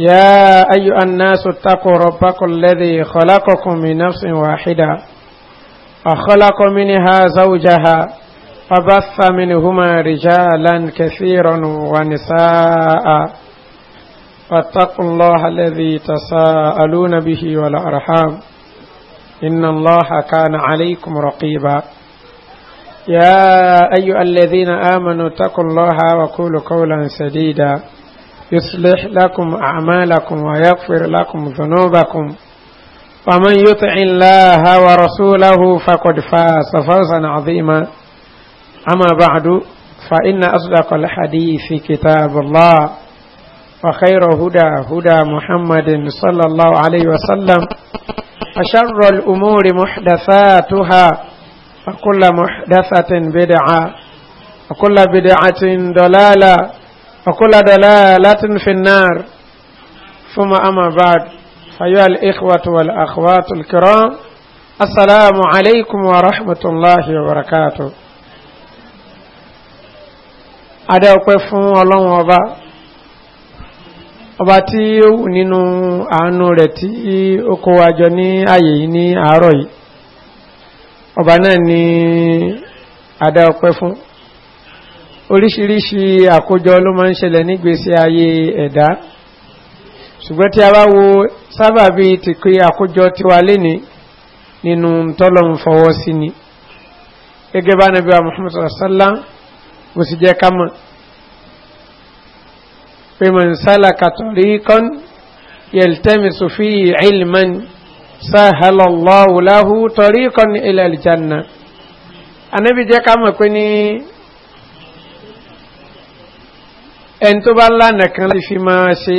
يا أيها الناس اتقوا ربكم الذي خلقكم من نفس واحدة وخلق منها زوجها فبث منهما رجالا كثيرا ونساء فاتقوا الله الذي تساءلون به والأرحام إن الله كان عليكم رقيبا يا أيها الذين آمنوا اتقوا الله وقولوا قولا سديدا يصلح لكم أعمالكم ويغفر لكم ذنوبكم ومن يطع الله ورسوله فقد فاز فوزا عظيما أما بعد فإن أصدق الحديث كتاب الله وخير هدى هدى محمد صلى الله عليه وسلم وشر الأمور محدثاتها وكل محدثة بدعة وكل بدعة ضلالة وكل دلالة في النار ثم أما بعد أيها الإخوة والأخوات الكرام السلام عليكم ورحمة الله وبركاته adé ọpẹ́ fún ọlọ́run ọba ọba tí ó wù nínú àánú rẹ̀ tí ó kó wa jọ ní ààyè yìí ní àárọ̀ yìí ọba náà ni adé ọpẹ́ fún oríṣiríṣi àkójọ ló máa ń ṣẹlẹ̀ nígbésí ayé ẹ̀dá ṣùgbọ́n tí a bá wo sábàbí ti pé àkójọ tí wà léni nínú tọ́lọ̀mù fọwọ́ sí ni gẹ́gẹ́ bá nàbí wa muhammad sallá mo sì jẹ́ ká mọ̀ pé mọ̀ ń kàtọ́rí kan yẹ̀lítẹ́mi sòfí ìlmán sáhàlọ́láhùláhù tọ́rí kan ilẹ̀ àlìjánná anábì jẹ́ ká mọ̀ pé ní ẹni tó bá lánà kan láti fi máa ṣe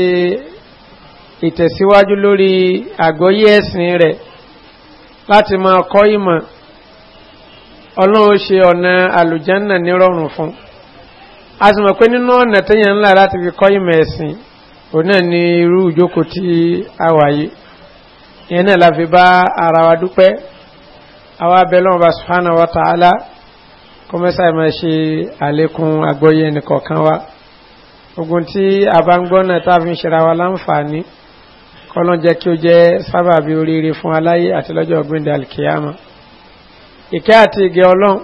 ìtẹ̀síwájú lórí àgbọ́yé ẹ̀sìn rẹ̀ láti máa kọ́ ìmọ̀ ọlọ́run ṣe ọ̀nà àlùjánà nírọ̀rùn fún a sì mọ̀ pé nínú ọ̀nà téèyàn ńlá láti fi kọ́ ìmọ̀ ẹ̀sìn òun náà ní irú ìjókòó tí a wà yìí ìyẹn náà la fi bá ara wa dúpẹ́ àwa abẹ́lọ́wọ́n bá sùfánà wa tààlà kọ́mẹ́sà máa ṣe àlékún àgbọ́yé ẹnì wa ogun tí a bá ń gbọ́ tá a fi ń ṣera wa láǹfààní kọ́lọ́n jẹ́ kí ó jẹ́ sábàbí oríire fún aláyé àti lọ́jọ́ ọ̀gbìndà alkiyama ìkẹ́ àti ìgẹ́ ọlọ́run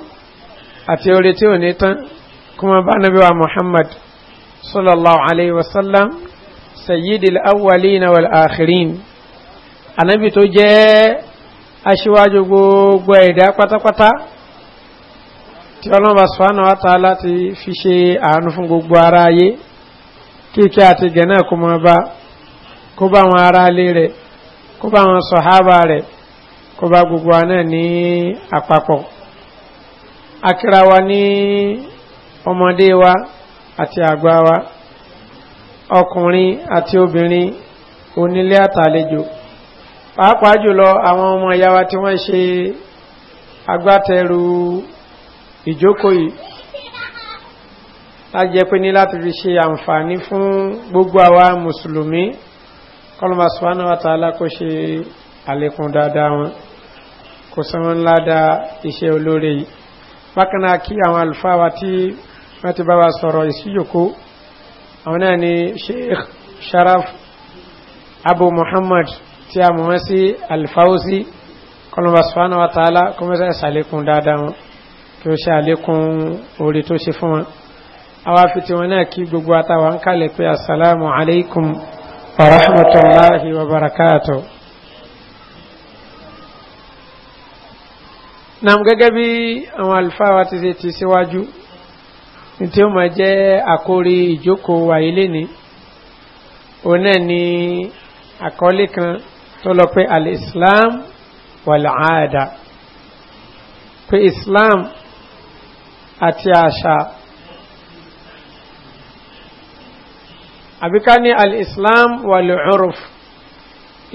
àti orí tí ò ní tán kuma bá nàbí wa muhammad sallallahu alaihi wasallam sayyidi al'awwali na wal'akhirin anabi tó jẹ́ aṣíwájú gbogbo ẹ̀dá pátápátá tí ọlọ́run bá sọ́nà wa tààlá ti fi ṣe àánú fún gbogbo ara ayé kíkẹ́ àti gẹ̀nà kó máa bá kó bá wọn ará ilé rẹ̀ kó bá wọn sọ̀hábà rẹ̀ kó bá gbogbo wa náà ní àpapọ̀ akíra wa ní ọmọdé wa àti àgbà wa ọkùnrin àti obìnrin onílé àtàlejò pàápàá jùlọ àwọn ọmọ ìyá wa tí wọ́n ṣe agbátẹrù ìjókòó yìí a jẹ́ pé ní láti fi ṣe àǹfààní fún gbogbo àwa mùsùlùmí kọlọmọ sùwánà wàtàlá kò ṣe àlékún dáadáa wọn kò sanwó ńlá da iṣẹ́ olóore yìí bákan náà kí àwọn àlùfáà wa tí wọ́n ti bá wa sọ̀rọ̀ ìsíjòkó àwọn náà ni sheikh sharaf abu muhammad tí a mọ̀ wọ́n sí alfawzi kọlọmọ sùwánà wàtàlá kọmọsẹ̀ ṣàlékún dáadáa wọn kí ó ṣe àlékún orí tó ṣe fún wọn àwa fi tiwọn náà kí gbogbo àtàwọn ń kalẹ̀ pé asalaamu alaykum wa rahmatulahi wa barakatuh. nam gẹ́gẹ́ bí àwọn àlùfáà wa ti ṣe ti síwájú tí ó máa jẹ́ àkórí ìjókòó wa ilé òun náà ni àkọlé kan tó lọ pé al-islam pé islam àti àṣà àbíká ní al'islam wà lè'uruf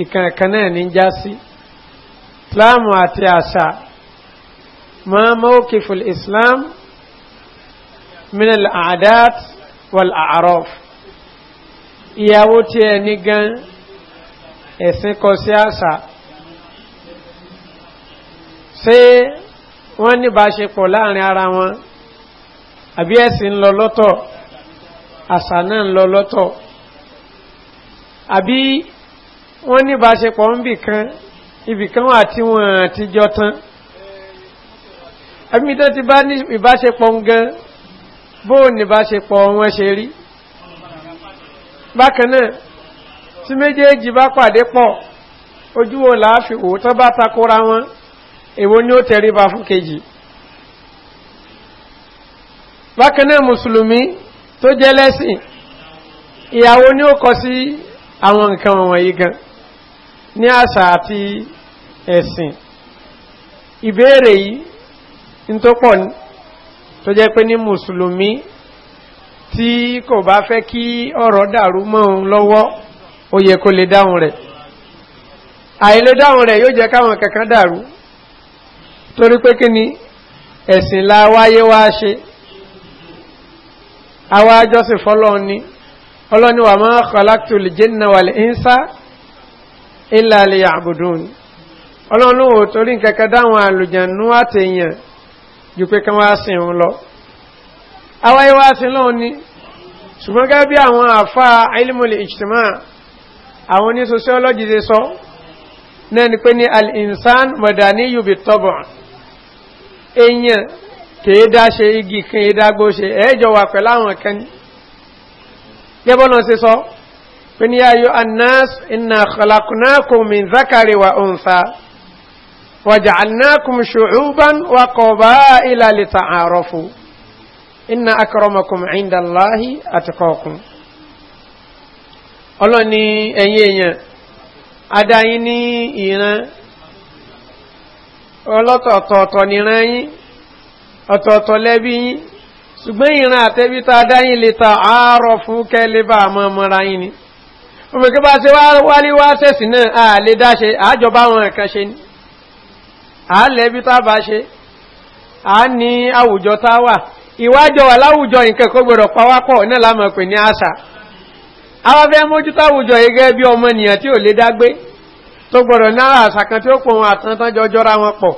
ìkànkanáà ní jásí islamu àti àṣà ma mawkifu al'islam min al'adat wal'arof ìyàwó tí ẹ ní gan ẹ̀sìn kọ sí àṣà ṣe wọ́n ní bá ṣe ara wọn àbí ẹ̀sìn lọ lọ́tọ̀ àṣà náà ń lọ lọ́tọ̀ àbí wọ́n ní ìbáṣepọ̀ ń bì kan ibì kan wà tí wọ́n àtijọ́ tán àbí tó ti bá ní ìbáṣepọ̀ ń gan bóun ní ìbáṣepọ̀ wọn ṣe rí bákan náà tí méjèèjì bá pàdé pọ̀ ojú wo làáfi òótọ́ bá takora wọn èwo ni ó tẹríba fún kejì bákan náà mùsùlùmí tó jẹ́ lẹ́sìn ìyàwó ní ó kọ sí àwọn nǹkan wọ̀nyí gan ní àṣà àti ẹ̀sìn ìbéèrè yìí ní tó pọ̀ tó jẹ́ pé ní mùsùlùmí tí kò bá fẹ́ kí ọ̀rọ̀ dàrú mọ́ òun lọ́wọ́ ó yẹ kó lè dáhùn rẹ̀ àìlè dáhùn rẹ̀ yóò jẹ́ káwọn kankan dàrú torí pé kí ni ẹ̀sìn la wáyé wá ṣe àwọn ajọ́sìn fọlọ́run ni ọlọ́ni wà máa kọ̀láktù lè jẹ́ nà wà lè ń sá ilà lè àbùdùn ọlọ́run ò torí kẹ̀kẹ́ dáhùn àlùjànú àtẹ̀yàn ju pé kí wọ́n á sìn òun lọ àwọn ìwà sìn lọ́run ni ṣùgbọ́n gẹ́gẹ́ bí àwọn àfa ilmùlẹ̀ ìṣtìmá àwọn oní sociology ṣe sọ náà ni pé ní al-insan madani yubi tọ́bọ̀ èèyàn kèé dáṣe igi kan ìdágbó ṣe ẹjọ wà pẹ̀lú àwọn kan ní gẹ́bọ́nà sí sọ pé ní ayò annas iná kọlákùnákùn min zakari wa unsa wàjà annákùn ṣùgbọ́n wa kọba ìlàlẹ̀ tààrọ̀fù iná akọrọmọkùn ọ̀tọ̀ọ̀tọ̀ lẹ́bí yín ṣùgbọ́n ìran àtẹ́bí tá a dáyìn lè ta àárọ̀ fún kẹ́lébà àmọ́ ọmọra yín ni òmìnkí bá ṣe wálé wá tẹ̀sí náà a lè dáṣe àjọba àwọn nǹkan ṣe ni a lẹ́bí tá a bá ṣe a ní àwùjọ tá a wà ìwájọ wà láwùjọ nǹkan kó gbọdọ̀ pawápọ̀ náà lámọ̀ pè ní àṣà àwọn fẹ́ mójútó àwùjọ gẹ́gẹ́ bí ọmọnìyàn tí ò lè dágbé tó gbọdọ̀ náà àṣà kan tí ó pọ̀ wọn àtàntàn jọjọra wọn pọ̀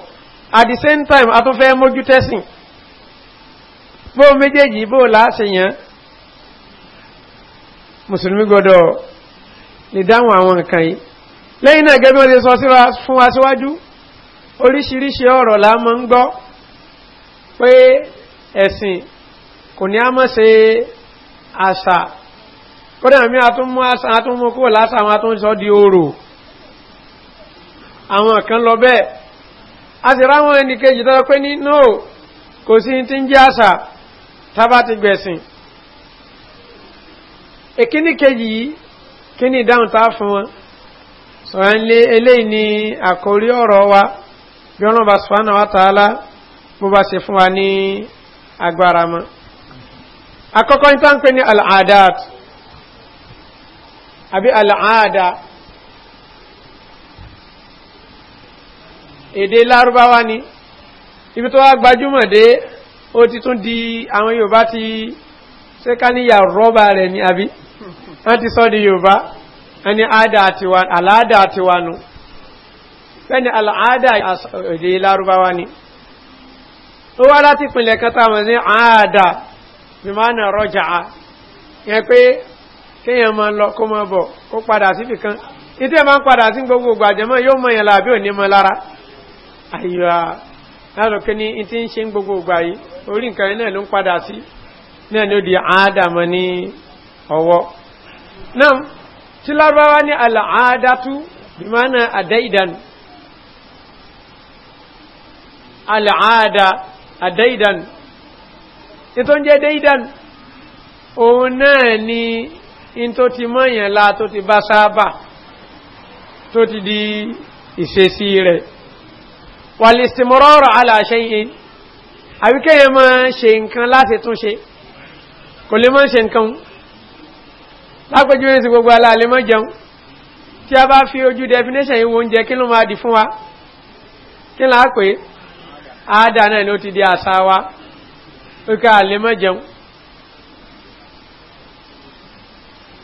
at the same time a tún fẹ́ mójútẹ́sìn fóun méjèèjì bó láṣeyàn mùsùlùmí gbọdọ̀ lè dáhùn àwọn nǹkan yìí lẹ́yìn náà gẹ́gẹ́ bí wọ́n ti sọ fún wa síwájú oríṣiríṣi ọ̀rọ̀ la mọ́ ń gbọ́ pé ẹ̀sìn kò ní a mọ́ ṣe àṣà kódà mí àtúnmú àṣà àtúnmú kó láṣà àwọn àtúnṣọ́ di oòrò àwọn kan lọ bẹ́ẹ̀ a sì ráwọn ẹnìkejì tọ́jọ́ pé ní no kò sí ti ń jẹ́ àṣà tábà ti gbẹ̀sìn èkíní kejì yìí kí ni ìdáhùn tá fún wọn sọ̀rọ̀ ilé eléyìí ni àkórí ọ̀rọ̀ wa bí ọlọ́run bá sùfánà wa tààlà bó bá ṣe fún wa ní agbára mọ́ akọ́kọ́ ní táǹpé ní al'adat àbí al'ada èdè lárúbáwá ni ibi tó wá gbajúmọ̀ dé ó ti tún di àwọn yorùbá ti ṣe ká níyà rọ́bà rẹ̀ ní àbí wọ́n ti sọ́ di yorùbá ẹni aláàdà àtiwá nù fẹ́ni aláàdà òde lárúbáwá ni ó wá láti pinlẹ̀ kan táwọn ní àádà bí máa nà rọ́jà á yẹn pé kéèyàn máa lọ kó máa bọ̀ kó padà síbi kan ìdí máa ń padà sí gbogbo gbàjẹ́mọ́ yóò mọ̀ yẹn láàbí òní mọ́ lára àyíwá lárọ̀kẹ́ ní tí ń ṣe ń gbogbo ìgbà yìí orí nǹkan rẹ̀ náà ló ń padà sí náà ni ó di àádámọ́ ní ọwọ́ náà tí lárọ̀wá ní àlàádátú bí máa náà àdá ìdánù àlàáda àdá ìdánù ní ń jẹ́ dé ìdánù òun náà ni in tó ti mọ́yànlá tó ti bá sáábà tó ti di ìṣesí rẹ̀ wàlìsìmọ́rọ̀rọ̀ aláṣẹ yìí àwíkẹ́ yẹ máa ṣe nǹkan láti tún ṣe kò lè máa ṣe nǹkan lápẹjúwé sí gbogbo aláàlẹ́ mọ́ jẹun tí a bá fi ojú definition yìí wo oúnjẹ kí ló máa dì fún wa kí là á pè é àádá náà ni ó ti di àṣà wa pípẹ́ àlẹ́ mọ́ jẹun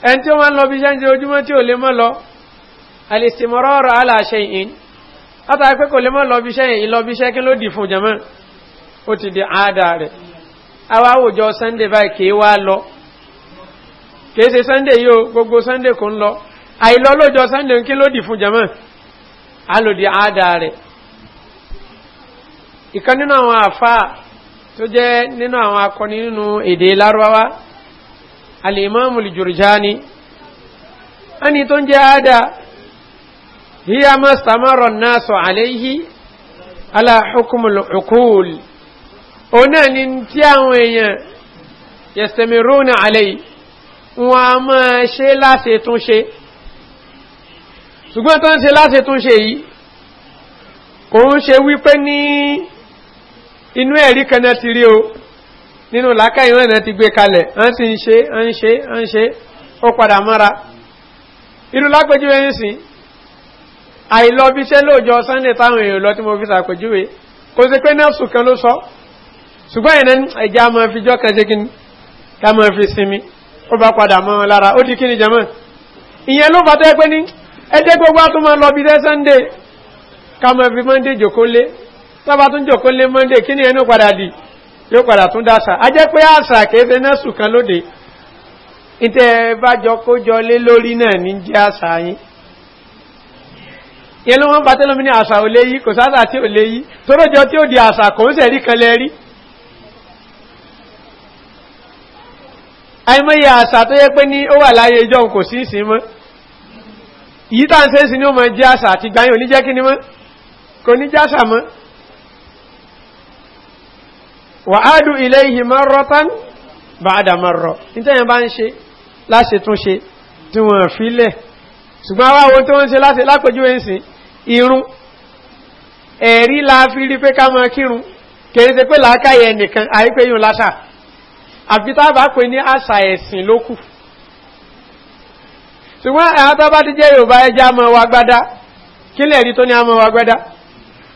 ẹni tí ó máa lọ bí iṣẹ́ ojúmọ́ tí ò lè mọ́ lọ àlìsìmọ́rọ̀rọ̀ aláṣẹ yìí látàrí pé kò lè mọ́ lọ́bíṣẹ́ yìí lọ́bíṣẹ́ kí ló dì fún jẹmọ́ ó ti di àádà rẹ̀ àwa àwòjọ sunday báyìí kìí wá lọ kìí ṣe sunday yìí o gbogbo sunday kò ń lọ àìlọ lójọ sunday kí ló dì fún jẹmọ́ á lò di àádà rẹ̀ ìkan nínú àwọn àfa tó jẹ́ nínú àwọn akọni nínú èdè lárúbáwá alìmọ́ọ̀mù lìjòrìjáni ẹni tó ń jẹ́ àádà هي ما استمر الناس عليه على حكم العقول ona ni يستمرون عليه وما yẹ̀sẹ̀mìrúnà àlẹ́ wọn a máa ṣe láṣe tún ṣe ṣùgbọ́n tó ń ṣe láṣe tún ṣe yìí kò ń ṣe wípé ní inú ẹ̀rí kanáà ti rí o nínú làákà ìwọ̀n náà ti gbé kalẹ̀ wọ́n sì ń ṣe ń ṣe ń ṣe ó padà mọ́ra irú lágbẹ́jú ẹ̀yìn sìn àìlọ́bíṣẹ́ lóòjọ́ sunday táwọn èèyàn lọ tí mo fi sàpèjúwe kò sí pé nẹ́ẹ̀sù kan ló sọ ṣùgbọ́n ìná ẹja máa fi jọ́ kan ṣe kí ni ká máa fi sinmi ó bá padà mọ́ wọn lára ó di kí ni jẹ́mọ́ ìyẹn ló fàtọ́ pé ní ẹjẹ́ gbogbo àtún máa lọ bí dẹ́ sunday ká máa fi monday jòkólé tọ́ba tún jòkólé monday kí ni ẹnu padà dì yóò padà tún dáṣà a jẹ́ pé àṣà kéde nẹ́ẹ̀sù kan lóde ìtẹ́ bá jọ kó jọ lé lórí náà ní jẹ́ àṣà yín ìyẹn ló wọ́n bá tẹ́lọ́mí ní àṣà ò léyí kò sáàsà tí ò léyí tó rọ́jọ tí ó di àṣà kò ń sẹ̀rí kan lẹ́rí àìmọ́yẹ àṣà tó yẹ pé ní ó wà láyé ìjọ kò sí ìsìn mọ́ yìí tàà ń sẹ́sì ní ó mọ̀ jẹ́ àṣà àti gbáyìn oníjẹ́ kí ni mọ́ kò ní jẹ́ àṣà mọ́ wà á dùn ilé ìhì mọ́ rọ́tán bá a dà mọ́ ṣùgbọ́n àwọn ohun tó ń ṣe láti lápẹjú ẹ̀sìn iru ẹ̀rí la fi rí pé ká máa kírun kèrè ṣe pé làákàyè ẹnìkan àìpé yóò láṣà àfi tá a bá pè ní àṣà ẹ̀sìn ló kù ṣùgbọ́n àwọn tó bá ti jẹ́ yorùbá ẹja mọ́ wa gbádá kí lè rí tó ní àmọ́ wa gbádá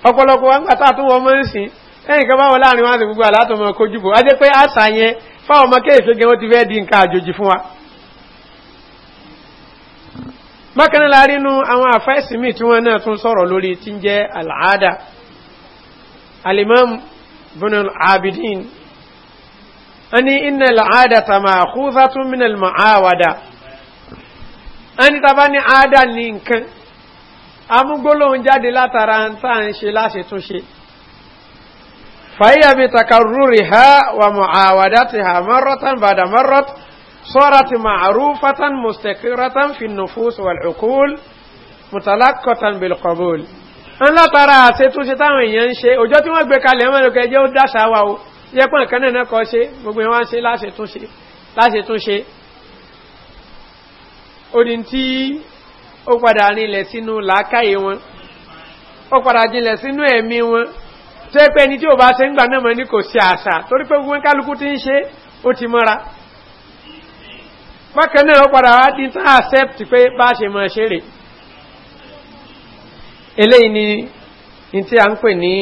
ọ̀pọ̀lọpọ̀ wa ń gbà táàtún wọn mọ́ ń sìn ẹ̀yìn báwọn láàrin wọn gbogbo á jẹ́ pé àṣà bákan náà rínú àwọn àfáìsì míì tí wọ́n náà tún sọ̀rọ̀ lórí tí ń jẹ́ al'ada alimam bin al'abidin ani inna al'ada ta ma kúza tún min al-ma'awada ani ta bá ní ada ní nǹkan amúgbólóhun jáde látara ń tàà ń ṣe láṣe tún ṣe fàíyàbí ha wa ma'awada ti ha marrotan bada marrotan صارت معروفة مستقرة في النفوس والعقول متلقة بالقبول ńlá tara àṣetúnṣe táwọn èèyàn ń ṣe òjò tí wọ́n gbé kalẹ̀ mọ́ lókè jẹ́ ó dáṣà wa o jẹ́ pọ́n kan náà kọ́ ṣe gbogbo wọn ṣe láṣetúnṣe odin tí ó padà rinlẹ̀ sínú làákàyè wọn ó padà jinlẹ̀ sínú ẹ̀mí wọn tó pé ẹni tí ò bá ṣe ń gbà náà mọ́ ní kò sí àṣà torí pé gbogbo kálukú ti ń ṣe ó ti mọ́ra bákan náà padà wá ti tán accept pé bá ṣe mọ̀ ṣe rè eléyìí ni tí a ń pè ní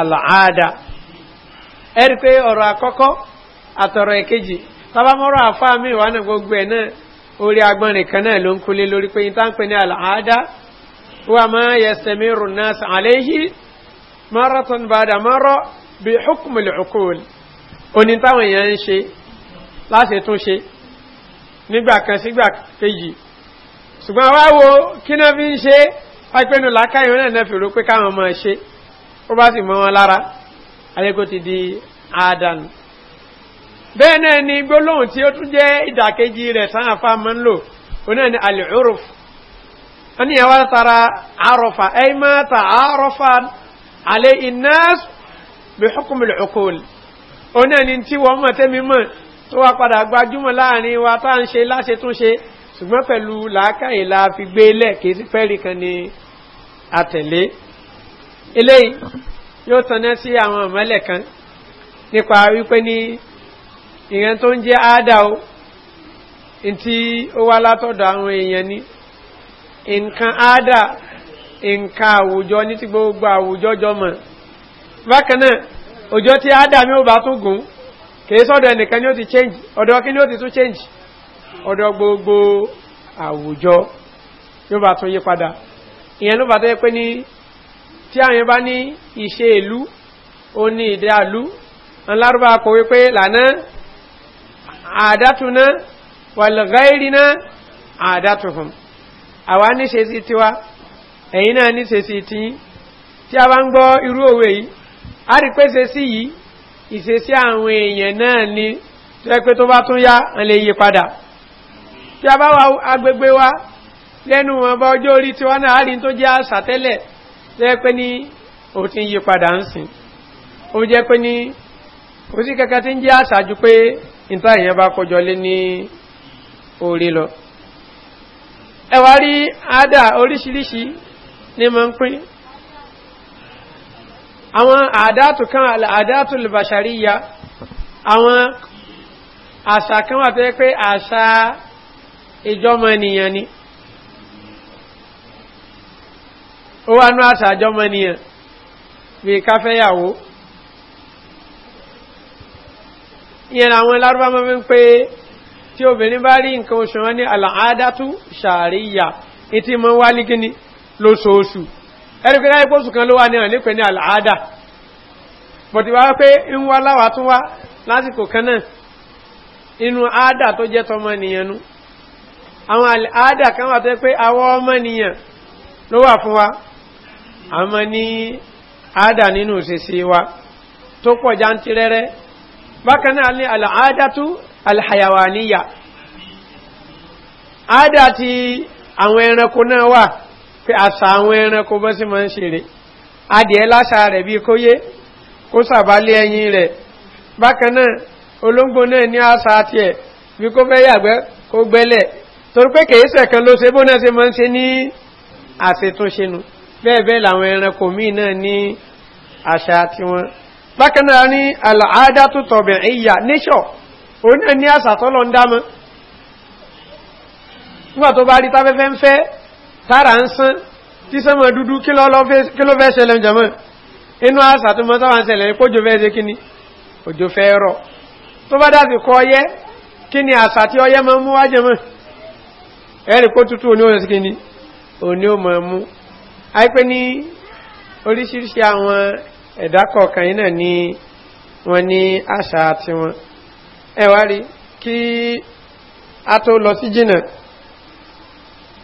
àlàáda ẹ̀rí pé ọ̀rọ̀ àkọ́kọ́ àtọ̀rọ̀ ẹ̀kejì tábàmọ́rọ̀ àfáà mi wà ní gbogbo ẹ̀ náà orí agbọ́nrin kan náà ló ń kúlé lórí pé ìta ń pè ní àlàáda wà máa yẹ sẹ̀mí rùnás àléhì marathon bada mọ́rọ̀ bí hukumul hukul oní táwọn èèyàn ń ṣe láti tún ṣe nígbà kan sígbà kejì ṣùgbọ́n wá wo kí náà fi ń ṣe pápẹ́nu làákàyọ̀ náà náà fèrò pé káwọn ọmọ ṣe ó bá sì mọ́ wọn lára ayéko ti di àádánù bẹ́ẹ̀ náà ni gbólóhùn tí ó tún jẹ́ ìdàkejì rẹ̀ sáà fa mọ́ ń lò ó náà ni alìhúrùf wọ́n ní ẹwà tara àrọ̀fà ẹ ta àrọ̀fà alẹ́ iná bí hukumul ọkọ̀ ó náà ni tí wọ́n mọ̀ tẹ́mi mọ̀ tó wá padà gbajúmọ̀ láàrin wa tá à ń ṣe láṣe tún ṣe ṣùgbọ́n pẹ̀lú làákàyè la fi gbé e lẹ́ẹ̀kì sí fẹ́ẹ̀rì kan ni àtẹ̀lé eléyìí yóò tanná sí àwọn ìmọ̀lẹ̀ kan nípa wípé ní ìran tó ń jẹ́ áádà o ntí ó wá látọ̀dọ̀ àwọn èèyàn ní nǹkan áádà nǹkan àwùjọ ní ti gbogbo àwùjọ jọmọ̀ bákan náà òjò tí áádà mi ò bá tún gùn kìí sọ́dọ̀ ẹnìkan ni ó ti change ọ̀dọ̀ kí ni ó ti tún change ọ̀dọ̀ gbogbo àwùjọ yóò bá tún yí padà ìyẹn ló bá tó yẹ pé ní tí àwọn yẹn bá ní ìṣe ìlú ó ní ìdí àlú ńlárúbá kò wípé lànà àdátúná wàlùgáìrínà àdátúhùn àwa níṣe sí tiwa ẹ̀yìn náà níṣe sí tí tí a bá ń gbọ́ irú òwe yìí a rí pé sí yìí ìṣesí àwọn èèyàn náà ni tẹ́ pé tó bá tún yá ń lè yí padà tí a bá wà agbègbè wa lẹ́nu wọn bá ọjọ́ orí tiwa náà àárín tó jẹ́ àṣà tẹ́lẹ̀ tẹ́ pé ní ò ti ń yí padà ń sìn ó jẹ́ pé ní kò sí kẹ́kẹ́ tí ń jẹ́ àṣà ju pé níta èèyàn bá kọjọ lé ní orí lọ ẹwà rí àádà oríṣiríṣi ní mọ̀ ń pín àwọn àdátù kan àdátù lùbàṣàríyà àwọn àṣà kan wà tó yẹ pé àṣà ìjọmọ ènìyàn ni ó wá ní àṣà ìjọmọ ènìyàn bí káfẹ́yàwó ìyẹn àwọn lárúbá mọ́ fi ń pé tí obìnrin bá rí nǹkan oṣù wọn ní àlàádátù ṣàríyà ìtí mọ́ wálé gíní lóṣooṣù ẹni pé láyé pósù kan ló wà ní ọ̀nà nípe ní àlàádà bọ̀tí wá pé ń wá láwàá tún wá lásìkò kan náà inú àádà tó jẹ́ tọmọ nìyẹn nú àwọn àádà kan wà tó pé àwọ ọmọ nìyẹn ló wà fún wa àmọ́ ní àádà nínú òṣèṣe wa tó pọ̀ jántírẹ́rẹ́ bákan náà ní àlàádà tú ti àwọn ẹranko náà wà pé àṣà àwọn ẹranko bọ́ sí máa ń ṣeré adìẹ láṣà rẹ̀ bíi kóyé kó sàbálé ẹyin rẹ̀ bákan náà olóńgbò náà ní àṣà tiẹ̀ bí kó fẹ́ yàgbẹ́ kó gbẹ́lẹ̀ torí pé kèésẹ̀ kan ló ṣe bó náà ṣe máa ń ṣe ní àṣetúnṣenu bẹ́ẹ̀ bẹ́ẹ̀ làwọn ẹranko míì náà ní àṣà tiwọn bákan náà ní àlàáda ìyà níṣọ̀ òun náà ní àṣà tọ́lọ́ ń dámọ́ nígbà tó bá rí táfẹ́fẹ́ ń fẹ́ tára ń sán tí sánmọ̀ dúdú kí ló fẹ́ ṣẹlẹ̀ jẹmọ́ inú àṣà tó mọ́ sáwọn ṣẹlẹ̀ kójò fẹ́ ṣe kíní òjò fẹ́ rọ tó bá dàbí kọ ọyẹ́ kí ni àṣà tí ọyẹ́ mọ́ mú wájẹ ẹ̀rì kó tútù òní òní kíní òní ò mọ̀ mú àìpé ní oríṣiríṣi àwọn ẹ̀dá kọ̀ọ̀kan yìí náà ni wọ́n ní àṣà tiwọn ẹ̀wá rí kí a tó lọ sí jìnnà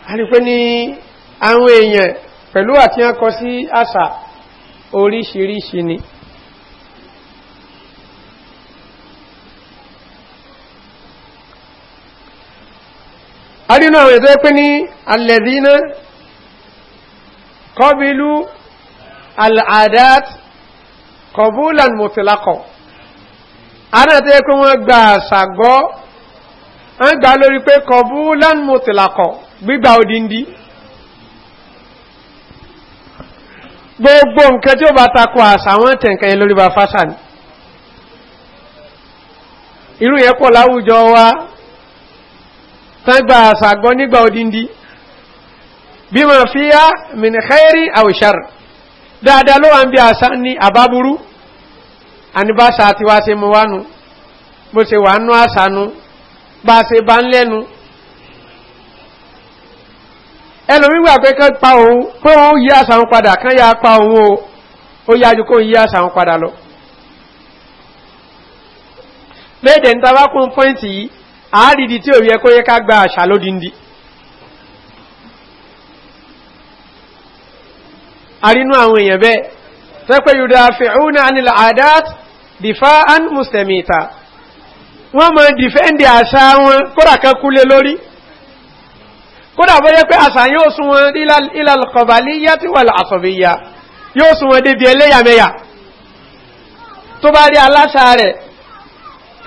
a rí pé ní àwọn èèyàn pẹ̀lú àti wọn kọ sí àṣà oríṣiríṣi ni a rí ètò pé ní alẹ́dínà kọbílú al'adat kọbúlan mọ̀tílákọ̀ aná tó yẹ pé wọ́n gba àṣàgbọ́ wọ́n gba lórí pé kọbúlan mọ̀tílákọ̀ gbígbà odindi gbogbo nǹkan tí ó bá takọ àṣà wọn tẹ̀nkẹ́ yẹn lórí bá fásà ní irú yẹn pọ̀ láwùjọ wa tágbà àṣà gbọ́ nígbà odindi bí ma fi yá mìnìkẹ́rì àwùṣàr dáadáa ló wà ń bí àṣà ní àbábúrú àníbáṣà àti wá ṣe bó ṣe wà nú àṣà nu bá ṣe bá ń lẹ́nu ẹlòmígbà pé kán pa òun pé òun yí àṣà òun padà kán yá pa òun o ó yájú kó yí àṣà òun padà lọ léèdè ní tabakun pọ́ìntì yìí àárìdì tí òbí ẹkọ́ yẹ ká gba àṣà lódindi arínú àwọn èèyàn bẹ́ẹ̀ tẹ́pẹ́ yóò dáa fi ọ́nà ànílà àdáàt dìfá án mùsùlùmí ta wọ́n mọ̀ dìfẹ́ǹdì àṣà wọn kóra kan kúlé lórí kódà bó yẹ pé àṣà yóò sún wọn ìlàlùkọ̀bàlíyá tí wà àṣọ̀bíyá yóò sún wọn débi ẹlẹ́yàmẹ́yà tó bá rí aláṣà rẹ̀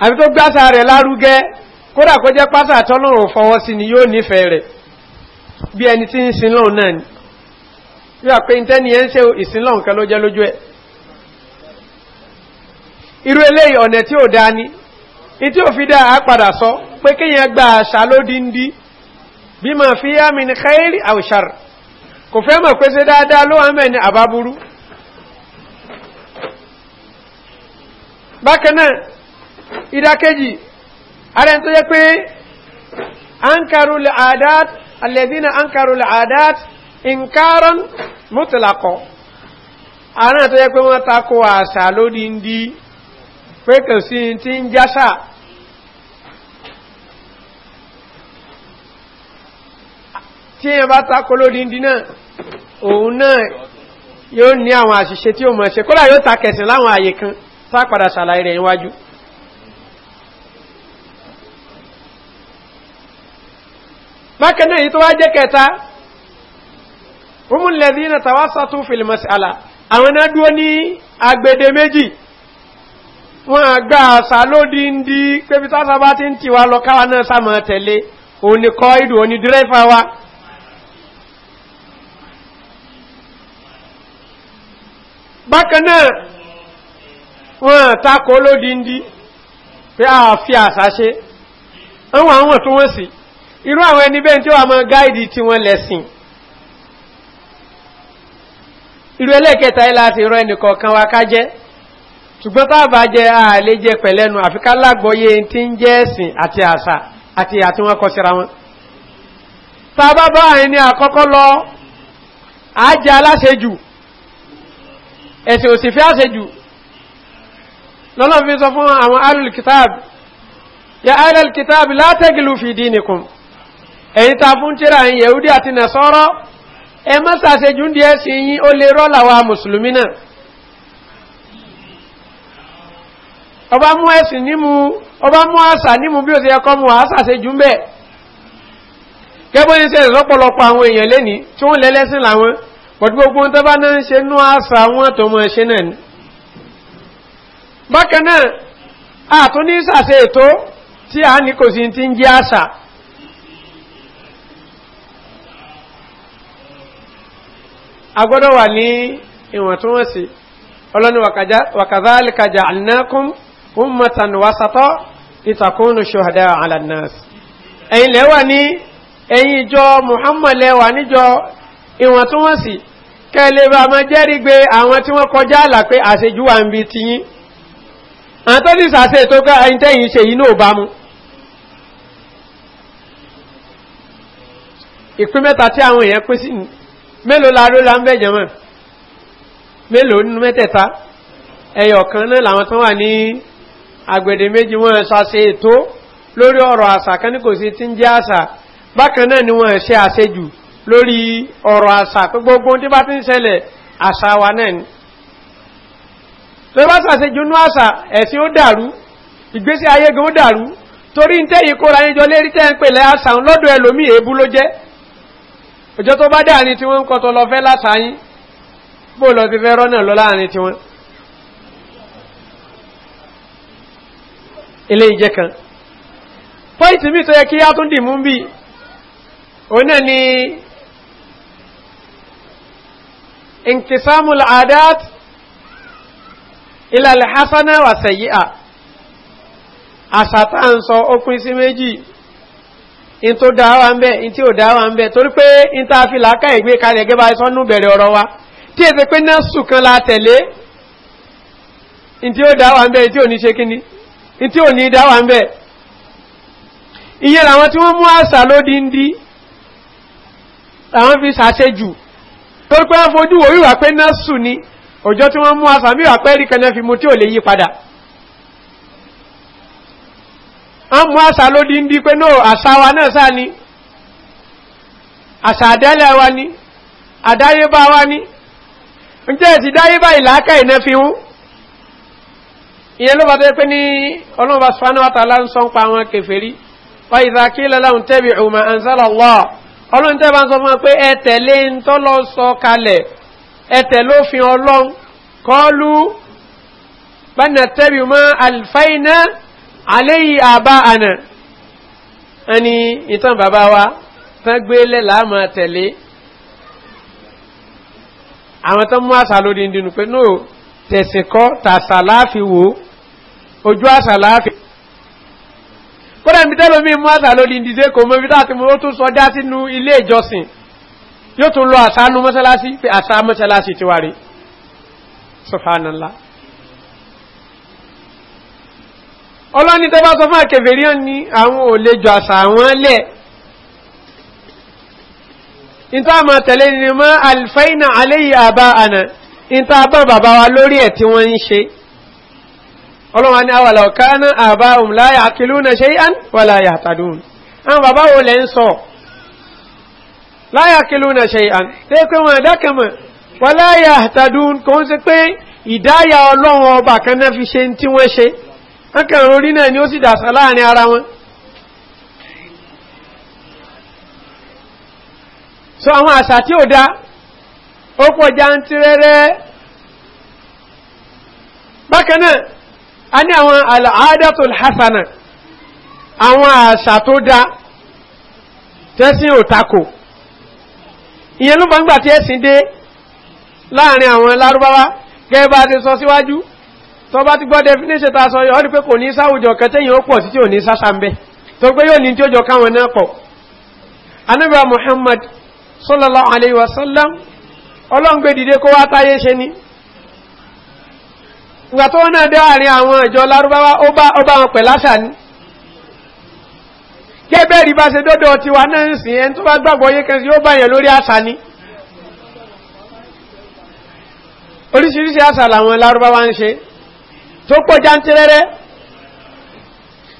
àbí tó gbáṣà rẹ̀ lárugẹ kódà kó jẹ́ pásà tọ́lọ́rùn fọwọ́ sí ni yóò nífẹ̀ẹ́ rẹ̀ bí ẹni tí ń sin lọ́n náà ni yóò pé ìtẹ́ni ẹ ń ṣe ìsin lọ́n kan ló jẹ́ lójú bí ma fi yá mi ní khairi àwùṣàr kò fẹ́ mọ̀ pé sí dáadáa ló wà mẹ́ni àbábúrú bákanáà ìdákejì ara ẹni tó yẹ pé ankarul adat alẹ́dínà ankarul adat inkaran mutlakọ ara ẹni tó yẹ pé wọ́n takò àṣà lódìndí pé kò sí ti ń jásà tí èyàn bá tako lódìndí náà òun náà yóò ní àwọn àṣìṣe tí ó mọ̀ ṣe kódà yóò ta kẹsìn láwọn àyè kan tá padà ṣàlàyé rẹ̀ níwájú bákan náà yìí tó wá jẹ́ kẹta umu lẹ́dí na tàwásá tún fìlì masala àwọn náà dúó ní agbede méjì wọ́n àgbà àṣà lódìndí pé bákan náà wọ́n tako lódíndí pé a fi àṣà ṣe àwọn àwọn tó wọ́n sí irú àwọn ẹni bẹ́ẹ̀ tí wà mọ́ gáìdì tí wọ́n lẹ́sìn irú ẹlẹ́kẹta láti rọ ẹnìkọ̀ọ̀kan wa ká jẹ́ ṣùgbọ́n táàbà jẹ ààlé jẹ pẹ̀lẹ́nu àfikà lágbọ́yé tí ń jẹ́ ẹ̀sìn àti àṣà àti àti wọn kọ síra wọn tàbá bá àkọ́kọ́ lọ àájẹ́ aláṣejù ẹ̀sìn òsì fẹ́ àṣẹjù lọ́nà fi sọ fún àwọn alìkìtàb ya alìkìtàb látẹ́gìlú fìdí nìkùn èyí ta fún tíra yìí yẹ̀údí àti nàṣọ́rọ́ ẹ mọ́ sàṣẹjù ń díẹ̀ sí yí ó lè rọ́làwà mùsùlùmí náà ọba mú ẹ̀sìn nímú ọba mú àṣà nímú bí ó ti ẹkọ́ mú àṣàṣẹjù pọ̀tí gbogbo tó bá náà ń ṣe nú àṣà wọn tó mọ̀ ṣe náà ní bákan náà àtún ní ìsàṣẹ ètò tí a ní kò sí ti ń jẹ́ àṣà agbọ́dọ̀ wà ní ìwọ̀ntúnwọ̀nsì ọlọ́ni wàkàzálìkàjà alnákún ummatan wasatọ́ ìtàkùnù ṣòhàdá alannasi ẹ̀yìn lẹ́wà ní ẹ̀yìn ìjọ muhammad lẹ́wà níjọ ìwọ̀ntúnwọ̀nsì kẹ́lẹ̀ bá mọ́ jẹ́rí gbé àwọn tí wọ́n kọjá àlà pé àṣejú wà ń bí ti yín antolis àṣẹ tó gbá ẹ̀yìn ṣe yìí náà bá mú ìpín mẹ́ta tí àwọn èèyàn pín sí mélòó laró la ń bẹ̀jẹ̀ mọ́ mélòó nínú mẹ́tẹ̀ta ẹyọ kan náà làwọn tó wà ní agbèdè méjì wọ́n ṣàṣe ètò lórí ọ̀rọ̀ àṣà kan ní kò sí ti ń jẹ́ àṣà bákan náà ni wọ́n ṣe àṣejù lórí ọ̀rọ̀ àṣà pé gbogbo tí bá ti ń ṣẹlẹ̀ àṣà wa náà ni tó bá ṣàṣe jùnú àṣà ẹ̀sìn ó dàrú ìgbésí ayé gan ó dàrú torí ń tẹ́yìn kóra yín jọ lérí tẹ́ ń pèlẹ̀ àṣà lọ́dọ̀ ẹlòmíì èébú ló jẹ́ òjò tó bá dàrin tí wọ́n ń kọ́tọ̀ lọ fẹ́ láṣà bó lọ ti fẹ́ rọ́nà lọ láàrin tiwọn ilé ìjẹ́ kan pọ́ìtì mi tó yẹ kí á tún dì mú bí òun náà ni انقسام العادات إلى الحسنة والسيئة àṣàtà ń sọ ó pín sí méjì in tó dáwà ń bẹ́ in tí ò dáwà ń bẹ́ torí pé in tá a fi làákà ìgbé kalẹ̀ gẹ́gẹ́ bá sọ́nù bẹ̀rẹ̀ ọ̀rọ̀ wa tí èsì pé náà sùn kan la tẹ̀lé in tí ó dáwà ń bẹ́ in tí ò ní ṣe kíní in tí ò ní dáwà ń bẹ́ ìyẹn làwọn tí wọ́n mú àṣà lódìndí làwọn fi ṣàṣejù torí pé wọ́n fojú wò wíwà pé náà sù ni òjò tí wọ́n mú àfàmì wà pé rí kanáà fi mú tí ò lè yí padà wọ́n mú àṣà lódí ń di pé náà àṣà wa náà sáà ni àṣà àdẹ́lẹ̀ wa ni àdáyébá wa ni ń jẹ́ ti dáyébá ìlàákẹ́ ìná fi hún ìyẹn ló bá tẹ́ pé ní ọlọ́mọba sùfánà wátà láńsọ́ ń pa àwọn kẹfẹ́rí wáyé ọlọ́run tẹ́ bá ń sọ fún wa pé ẹ tẹ̀lé ń tọ́lọ sọ kalẹ̀ ẹ tẹ̀lé òfin ọlọ́run kọlu bánà tẹ́bí mọ́ àlìfáìná àléyìí àbá ànà ẹni ìtàn bàbá wa tán gbélé láàmà tẹ̀lé àwọn tán mú àṣà lórí ìdínú pé náà tẹ̀sìn tàṣà láàfi wò ojú àṣà láàfi kódà ní tẹ́lò mí mú àtà lórí ìdíje kò mọ́ ibi táàtí mọ́ tún sọ já sínú ilé ìjọsìn yóò tún lọ àsánú mọ́sálásí pé àsá mọ́sálásí ti wárí sọfánàlá ọlọ́ni tẹ́ bá sọ fún àkẹfẹ̀rí ọ́n ní àwọn òlejò àsà wọn lẹ̀ ìta àmà tẹ̀lé ni mọ́ alfaina aléyìí àbá àná ìta bàbá wa lórí ẹ̀ tí wọ́n ń ṣe ọlọ́wọ́ ní àwàlà ọ̀kánà àbáhùn láyà àkìlúnà ṣe án wà láyà àtàdùn àwọn bàbá wo lẹ́ ń sọ láyà àkìlúnà ṣe án tẹ́ pé wọn dákẹ̀mọ̀ wà láyà àtàdùn kò ń se pé ìdáyà ọlọ́wọ́ ọba kan náà fi ṣe tí wọ́n ṣe ọkàn so àwọn àṣà tí ò dá ó a ní àwọn al'adatul hasana àwọn àṣà tó dá tẹ́sí òtakò ìyẹn ló bá ń gbà tí ẹ̀sìn dé láàrin àwọn lárúbáwá gẹ́gẹ́ bá ti sọ síwájú tó bá ti gbọ́ definition ta sọ yọ́ ní pé kò ní sáwùjọ kẹtẹ́yìn ó pọ̀ sí tí ò ní sásàmbẹ́ tó pé yóò ní tí ó jọ káwọn náà pọ̀ anábíà muhammad sallallahu alaihi wasallam ọlọ́ngbé dìde kó wá táyé ṣe ni ìgbà tó náà dé àárín àwọn ìjọ lárúbáwá ó bá wọn pẹ̀láṣà ní gẹ́gẹ́ rí bá ṣe dọ́dọ̀ ti wà náà ń sìn ẹni tó bá gbàgbọ́ yé kan sí ó báyẹ̀ lórí àṣà ní oríṣiríṣi àṣà làwọn lárúbáwá ń ṣe tó pọ̀ jántẹ́rẹ́rẹ́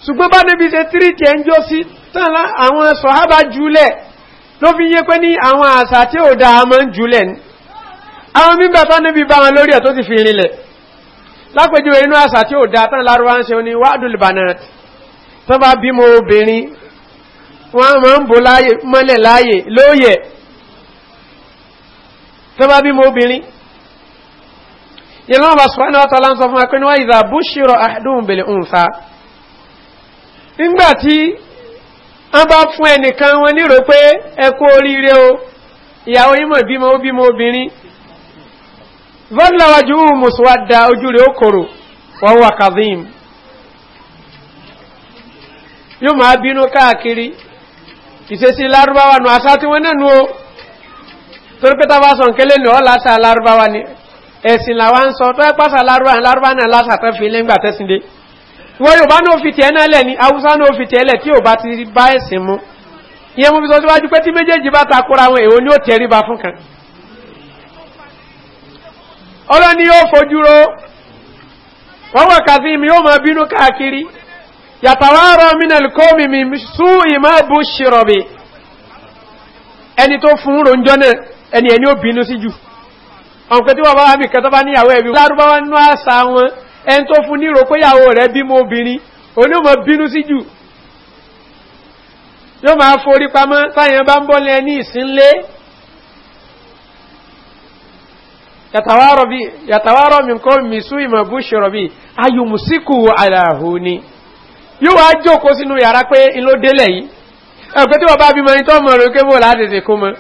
ṣùgbọ́n bá níbi ṣe tírìtì ẹ̀ ń jó sí tán àwọn sọ̀hábà jùlẹ̀ ló fi yé pé ní àwọn àṣà tí ò dáa máa ń jùlẹ̀ ní àwọn mímbà tó níbi bá wọn lórí ẹ̀ tó ti fi rinlẹ̀ lápẹjúwe inú àṣà tí ó dá tán lárúwá ń se ní wádùlùbànà tó bá bímọ obìnrin wọ́n ma ń bò mọ́lẹ̀ láàyè lóòyẹ̀ tó bá bímọ obìnrin yẹlọ́wọ́ bá sọ́nà ọ̀tọ́lá ń sọ fún akẹ́ni wáyé ìzà bú ṣírọ̀ àdúhùn bèlè ǹsà nígbàtí wọ́n bá fún ẹnìkan zọ́nà wájú mùsùwádà ojú rẹ̀ ó kòrò wọ́n wà kazim yóò máa bínú káàkiri ìṣesí lárúbáwá nù àṣà tí wọ́n náà nù ó torí pé tábà sọ nkẹ́lẹ́ ní ọ́lá àṣà lárúbáwá ni ẹ̀sìn làwa ń sọ tó ẹ pàṣà lárúbáwá lárúbáwá náà láṣà fi lẹ́ngbà tẹ́síndé wọ́n yóò bá náà fi tiẹ̀ náà lẹ̀ ní haúsá náà fi tiẹ̀ lẹ̀ tí yóò bá ti bá ẹ̀sìn mu ìyẹn mo fi sọ síwájú pé tí méjèèjì bá takora àwọn èèwọ̀ ni ó tẹríba fún kan ọlọ́ni yóò fojúró wọ́n wà kàfí mi yóò máa bínú káàkiri yàtàwà rọ mínà kó mi mi sú ìmọ̀ bú ṣìrọ̀bì ẹni tó fún ròjọ́ náà ẹni ẹni ó bínú sí jù ọ̀nkẹ́ tí wọ́n bá wà mí kẹta bá níyàwó ẹ̀bí lárúbáwá nínú àṣà wọn ẹni tó fún ní rògbéyàwó rẹ̀ bí mo obìnrin onímọ̀ bínú sí jù yóò máa forí pamọ́ sáyẹn bá ń bọ́ ní ìsínlé yàtàwárọ̀ mi kọ́ mi sú ìmọ̀ bú ṣọ̀rọ̀ bí ayùmùsíkù aláhù ni yóò wá jókòó sínú yàrá pé inú délẹ̀ yìí ẹ̀kọ́ tí wọ́n bá bí mọ́ ìtọ́ mọ̀ rẹ̀ kébò látẹ̀tẹ̀ kó mọ́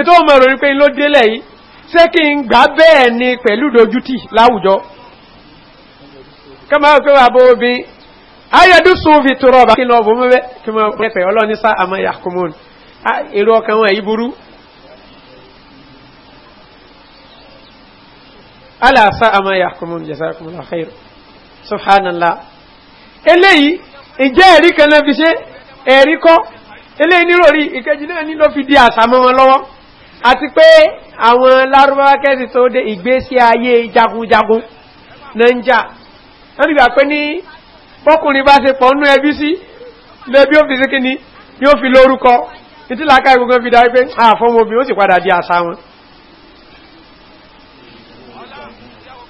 ìtọ́ mọ̀ rẹ̀ pé inú yìí ṣé kí n gbà bẹ́ẹ̀ ni pẹ̀lú dojútì láwùjọ kọ́mọ́ pé wà bó bí ayọ̀dún sùn fi tọrọ ọ̀bá kí n lọ bọ́ mọ́ bẹ́ẹ̀ kí n ala sa'a ma yahkumun jazakumullahu khairan subhanallah eléyìí ìjẹ́ ẹ̀rí kan náà fi ṣe ẹ̀rí kọ́ eléyìí nírọ̀rí ìkejì náà ní ló fi di àṣà mọ́ wọn lọ́wọ́ àti pé àwọn lárúbáwá kẹ́sì tó dé ìgbésí ayé jagunjagun náà ń jà wọ́n ti gbà pé ní bọ́kùnrin bá ṣe pọ̀ nú ẹbí sí lẹ́bí ó fi sí kíni yóò fi lórúkọ ìtìlákà ìgbógun fi darí pé àfọmọbìn ó sì padà di àṣà wọn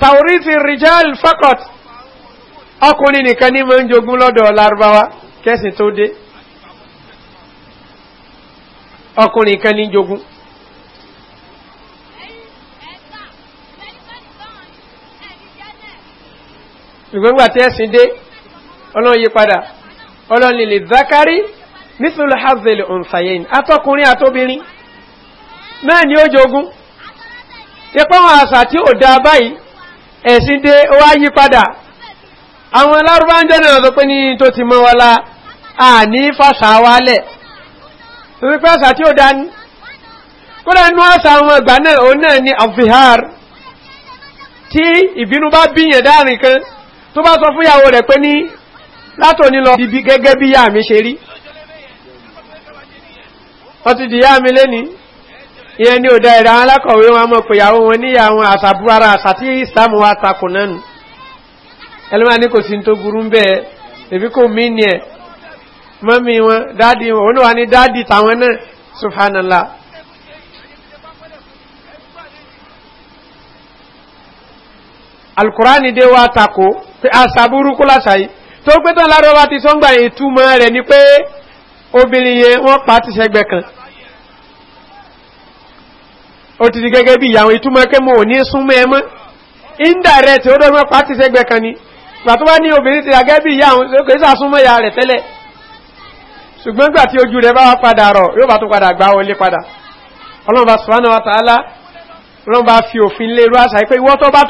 tàwórítì rijal fakọt ọkùnrin nìkan ní mọ́ ń jogún lọ́dọ̀ lárúbáwá kẹsìn tó dé ọkùnrin kan ní jogún ìgbẹ́gbà tí ẹ̀sìn dé ọlọ́run yí padà ọlọ́run lè zákàrí nítorí hazel ọ̀nfàyẹ́yìn atọ́kùnrin àtóbìnrin náà ni ó jogún ipá wọn àṣà tí ò dáa báyìí ẹ̀sìn dé ó wá yí padà àwọn lárúbá ń jẹ́nà tó pé ní tó ti mọ́ wọlá à ní fàṣà wálẹ̀ torí pé àṣà tí ó dání kódà inú àṣà àwọn ìgbà náà ó náà ní avihar tí ìbínú bá bíyàn dáàrin kan tó bá sọ fúyàwó rẹ̀ pé ní látòní lọ ibi gẹ́gẹ́ bí yá mi ṣe rí ọtí di yá mi lénìí ìyẹn ní òdá ẹ̀rọ àwọn alákọ̀wé wọn mọ̀ pé ìyàwó wọn ní àwọn àṣàbúrara àṣà tí islam wa takò náà nù ẹlẹ́mà ní kò sí tó burú bẹ́ẹ̀ èbí kò mí ni ẹ̀ mọ́mí wọn dáàdì wọn òun wà ní dáàdì tàwọn náà subhanallah alukurani dé wa takò àṣàbúrú kó láṣà yìí tó pé tán lárọ́ wa ti sọ́ngbà ìtumọ̀ rẹ̀ ni pé obìnrin yẹn wọ́n pa ti sẹ́gbẹ̀ kan ó ti di gẹ́gẹ́ bí ìyàwó ìtumọ̀ pé mo ò ní súnmọ́ ẹ indirect ó dọ́gbọ́n pàtí sẹ́gbẹ̀ kan ni gbà tó bá ní obìnrin ti gẹ́gẹ́ bí ìyàwó kò sà súnmọ́ ìyá rẹ̀ tẹ́lẹ̀ ṣùgbọ́n gbà tí ojú rẹ̀ bá wá padà rọ̀ yóò bá tún padà gbá wọlé padà ọlọ́run bá sùfánà wa tààlá ọlọ́run bá fi òfin lérú àṣà pé ìwọ́ tó bá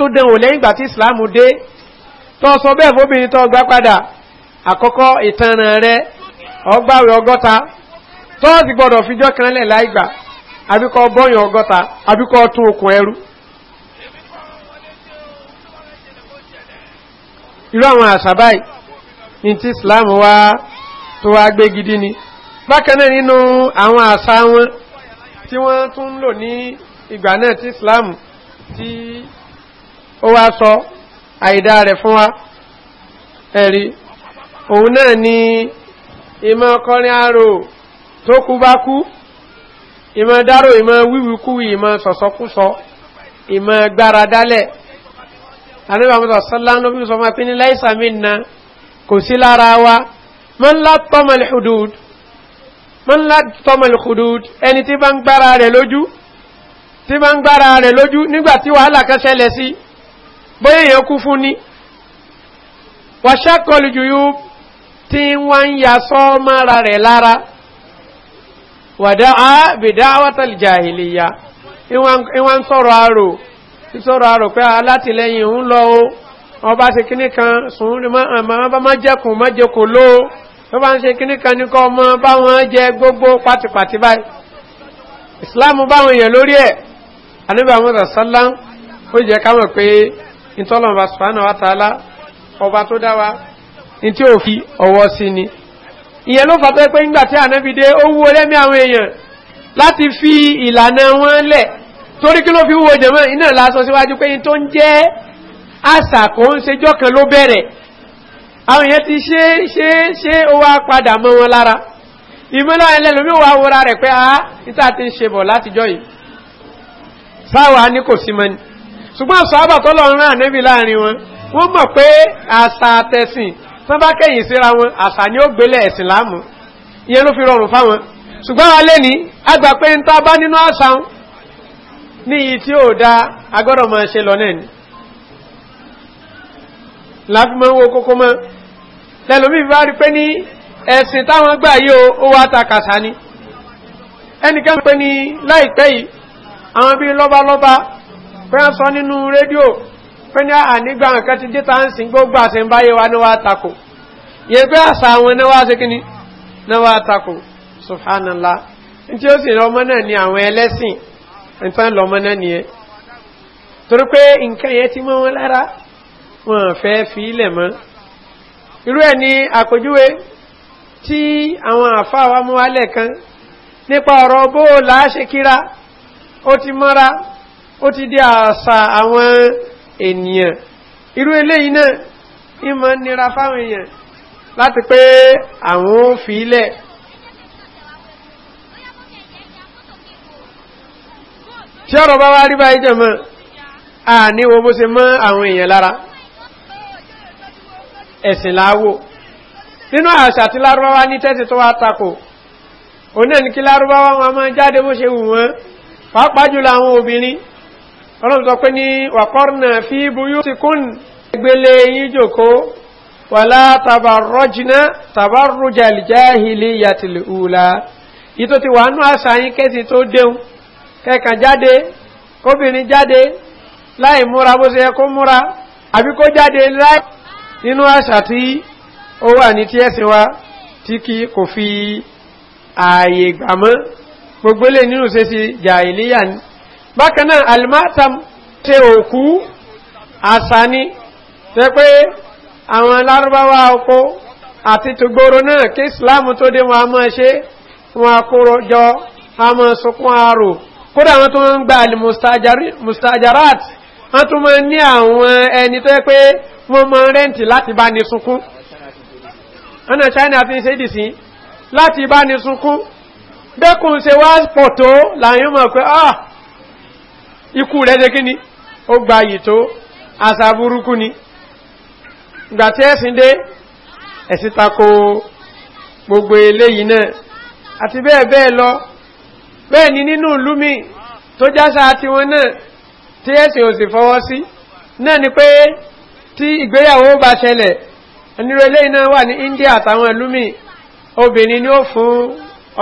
tó àbíkọ́ bọ́yàn ọgọ́ta àbíkọ́ tún okùn ẹrú irú àwọn àṣàbáì ní tí islam wá tó wá gbé gidi ni bákanẹ́ nínú àwọn àṣà wọn tí wọ́n tún lò ní ìgbà náà tí islam tí ó wá sọ àìdá rẹ̀ fún wa ẹ̀rí òun náà ni ìmọ̀ ọkọrin àrò tó kú bá kú ìmọ̀ dárò ìmọ̀ wíwíkúwì ìmọ̀ sọ̀sọ́kúsọ ìmọ̀ gbára dálẹ̀ anábàmọ́sọ̀ sọ́lánà bí wa mọ́nlá tọ́mọ̀lì hudud ẹni tí bá ń gbára rẹ̀ lójú tí bá ń gbára rẹ̀ lójú nígbàtí wàhálà kan ṣẹlẹ̀ sí bóyá èèyàn kú fún ní wàṣákọlù jù yóò tí wọ́n ń yà sọ́ mọ́ra rẹ̀ lára wàdáà bìdáwàtàlì jahiliya ìwọ̀n sọ̀rọ̀ àrò sọ̀rọ̀ àrò pé alátìlẹyìn ń lọ o ọba ti kíní kan sùn àmọ́ bá má jẹ́kùn má jẹ́kùn ló tó bá ń ṣe kíní kan ní kọ́ ọmọ bá wọn jẹ gbogbo pátipàti báyìí ìsìláàmù báwọn èèyàn lórí ẹ̀ anábì àmọ́dà sálá ó jẹ́ ká mọ̀ ìyẹn ló fàtọ́ pé nígbà tí ànábi dé ó wú olẹ́mí àwọn èèyàn láti fi ìlànà wọn lẹ̀ torí kí ló fi wúwo jẹ̀mọ́ iná lásán síwájú pé yín tó ń jẹ́ àṣà kò ń sejọ́ kan ló bẹ̀rẹ̀ àwọn èèyàn ti ṣe ṣe ṣe ó wá padà mọ́ wọn lára ìmọ́lá ẹlẹ́lómi wà wúra rẹ̀ pé àá níta ti ń ṣe bọ̀ látijọ́ yìí sáwà ní kò sí mọ́ni ṣùgbọ́n sọ́ábà tọ́lọ́run rán ànẹ́bì láàrin wọn wọ́n mọ̀ pé àṣà àtẹ̀sìn tán bá kẹ́yìn síra wọn àṣà ni ó gbélẹ̀ ẹ̀sìn láàmù ìyẹn ló fi rọrùn fáwọn ṣùgbọ́n wa lé ní àgbà pé ń tá bá nínú àṣà ní iyì tí ó dá agbọ́dọ̀ máa ṣe lọ náà ni láfimọ́ owó kókó mọ́ lẹ́lòmí bá rí pé ní ẹ̀sìn táwọn gbà yí ó wá takàṣà ni ẹnìkan pé ní láìpẹ́ pẹ́ni ànígbà ah, nǹkan ti dé táǹsì gbogbo àti ìbáyé wa ní wá tako yẹ pé àṣà àwọn ní wá síkí ní ní tako subhanallah tí ó sì lọmọ náà ni àwọn ẹlẹ́sìn nǹkan lọmọ náà ni ẹ torí pé nǹkan yẹn ti mọ́ wọn lára wọn fẹ́ fi ilẹ̀ mọ́ irú ẹ̀ ni àpèjúwe tí àwọn àfa wa mú wálẹ̀ kan nípa ọ̀rọ̀ bó o là á ṣe kíra ó ti mọ́ra ó ti di àṣà àwọn ènìyàn irú eléyìí náà ní mọ́ nira fáwọn èèyàn láti pé àwọn ó fi ilẹ̀ tí ọ̀rọ̀ bá wá rí báyìí jẹ́ mọ́ a ní wo bó se mọ́ àwọn èèyàn lára ẹ̀sìn láwò nínú àṣà tí lárúbáwá ní tẹ́sì tó wá takò òun náà kí lárúbáwá wọn máa jáde bó ṣe wù wọ́n pàápàá jùlọ àwọn obìnrin ọlọ́run sọ pé ní wàkọ́rùnà fi buyú ti kún gbélé yín jòkó wà látàbàrọ́jìnà tàbárùjà ìjáhìlì yàtìlì ùlà ìtò ti wà nú àṣà yín kẹ́sì tó déun kẹ́kàn jáde kóbìnrin jáde láì múra bó ṣe yẹ kó múra àbí kó jáde láì nínú àṣà tí ó wà ní tí ẹ̀sìn wa tí kí kò fi ààyè gbàmọ́ gbogbo lè nínú ṣe sí jà ìlíyà bákan náà almatam ṣe òkú àsáni tẹ́ pé àwọn lárúbáwá oko àti tògbòrò náà kí islamu tó dé wọn a mọ́ ṣe wọn kúrò jọ a mọ́ sọkún àrò kódà wọn tó ń gba alimustajarat wọn tó mọ́ ní àwọn ẹni tó pé wọ́n mọ́ rẹ́ǹtì láti bá ní sunkún ọ̀nà china fi ṣe dìsí láti bá ní sunkún bẹ́kùn ṣe wá pọ̀ tó làyún mọ̀ pé ah ikú rẹ̀ jẹ́ kí ni ó gba yìí tó àṣà burúkú ni ìgbà tí ẹ̀sìn dé ẹ̀sìn tako gbogbo eléyìí náà àti bẹ́ẹ̀ bẹ́ẹ̀ lọ bẹ́ẹ̀ ni nínú ìlú mi tó jásá ti wọn náà tí ẹ̀sìn ò sì fọwọ́ sí náà ni pé tí ìgbéyàwó bá ṣẹlẹ̀ onírò eléyìí náà wà ní india àtàwọn ìlú mi obìnrin ni ó fún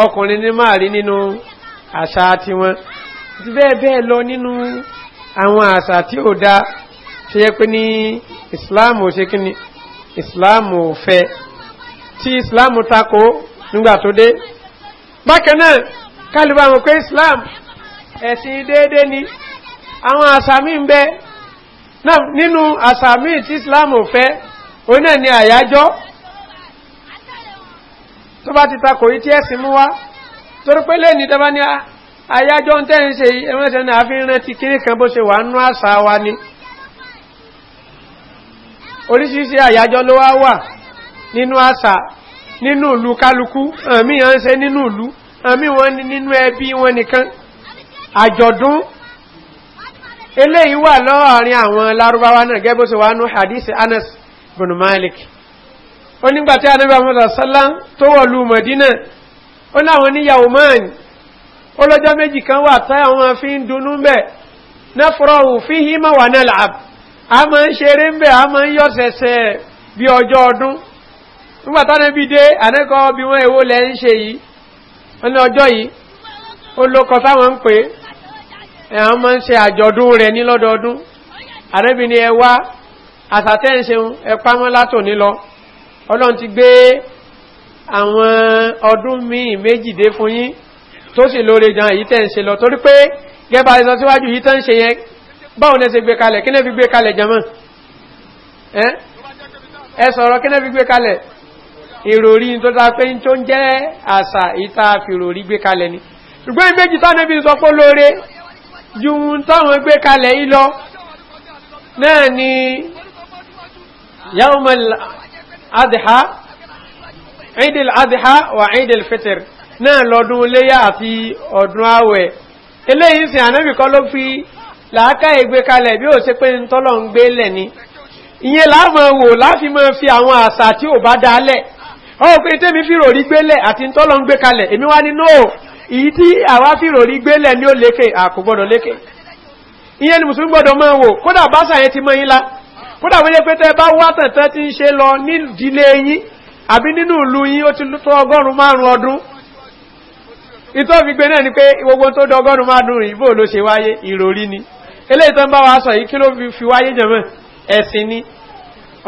ọkùnrin ní máàrí nínú àṣà tiwọn ti bẹ́ẹ̀ bẹ́ẹ̀ lọ nínú àwọn àṣà tí ó dá ṣe yẹ pé ní islam ò ṣe kí ni islam ò fẹ́ tí islam tako nígbà tó dé bákan náà kálíbà mọ̀ pé islam ẹ̀sìn déédé ni àwọn àṣà míì ń bẹ nínú àṣà míì tí islam ò fẹ́ òun náà ni àyájọ́ tó bá ti tako yìí tí ẹ̀sìn mú wá torí pé lẹ́ni ní ah, àyájọ́ ń tẹ́ ń ṣe ẹ̀rọ́tẹ́ ní àfihàn ti kéré kan bó ṣe wà nú àṣà wa ni oríṣiríṣi àyájọ́ ló wá wà nínú àṣà nínú ìlú kálukú àmì à ń ṣe nínú ìlú àmì wọn nínú ẹbí wọn nìkan àjọ̀dún eléyìí wà lọ́rin àwọn lárúbáwá náà gẹ́gẹ́ bó ṣe wà nú hadith anas bin malik onígbàtí anábàmọ́sà sálá tó wọ̀lú mọ̀dínà ó láwọn níyàwó mọ́ni ọlọ́jọ́ méjì kan wà tá àwọn fi ń dunú mẹ́ nẹ́fọ́rọ̀hù fi hímọ̀ wà náà làb a ma ń ṣeré mẹ́ a ma ń yọ sẹ̀sẹ̀ bí ọjọ́ ọdún nígbàtá níbi dé ànẹ́kọ́ bí wọ́n èwo lẹ́ ń ṣe yìí wọ́n ní ọjọ́ yìí ó lókọ táwọn ń pè é àwọn ma ń ṣe àjọ̀dún rẹ̀ ní lọ́dọọdún ànẹ́bí ni ẹ wá àsàtẹ́ ń ṣeun ẹ pamọ́ látòní lọ ọlọ́run ti gbé àwọn ọdún míì méjì fún yín tó sì lóore gan èyí tẹ́ ń ṣe lọ torí pé gẹ́bà ìsọ síwájú yìí tẹ́ ń ṣe yẹn báwọn ẹ ṣe gbé kalẹ̀ kí náà fi gbé kalẹ̀ jẹmọ́ ẹ sọ̀rọ̀ kí náà fi gbé kalẹ̀ ìròrí tó ta pé tó ń jẹ́ àṣà ìta fìròrí gbé kalẹ̀ ni ṣùgbọ́n ìbéjì táwọn ẹbí sọ pé lóore ju táwọn gbé kalẹ̀ yìí lọ náà ni yàwùmọ̀ adìhá ìdìl adìhá wà ìdìl fẹ́tẹ̀rì náà lọ́dún iléyà àti ọdún àwẹ̀ eléyìí sin ànábì kọ́ ló fi làákà ìgbé kalẹ̀ bí ó ṣe pé ń tọ́lọ̀ ń gbé lẹ̀ ni ìyẹn láàmọ̀ wò láfi mọ́ fi àwọn àṣà tí ò bá dálẹ̀ ọ̀rọ̀ pé tẹ́mi fi rò rí gbélẹ̀ àti ń tọ́lọ̀ ń gbé kalẹ̀ èmi wá ní nóò èyí tí àwa fi rò rí gbélẹ̀ ní ó lékè ni mùsùlùmí gbọ́dọ̀ mọ́ wò kódà báṣà yẹn ti àbí nínú ìlú yín ó ti tó ọgọ́rùn márùn-ún ọdún ìtọ́ fi gbé náà ni pé gbogbo tó dọgọ́rùn máa dùn ìbò ló ṣe wáyé ìròrí ni eléyìí tó ń bá wa sọ yìí kí ló fi wáyé jẹ̀mọ́ ẹ̀sìn ni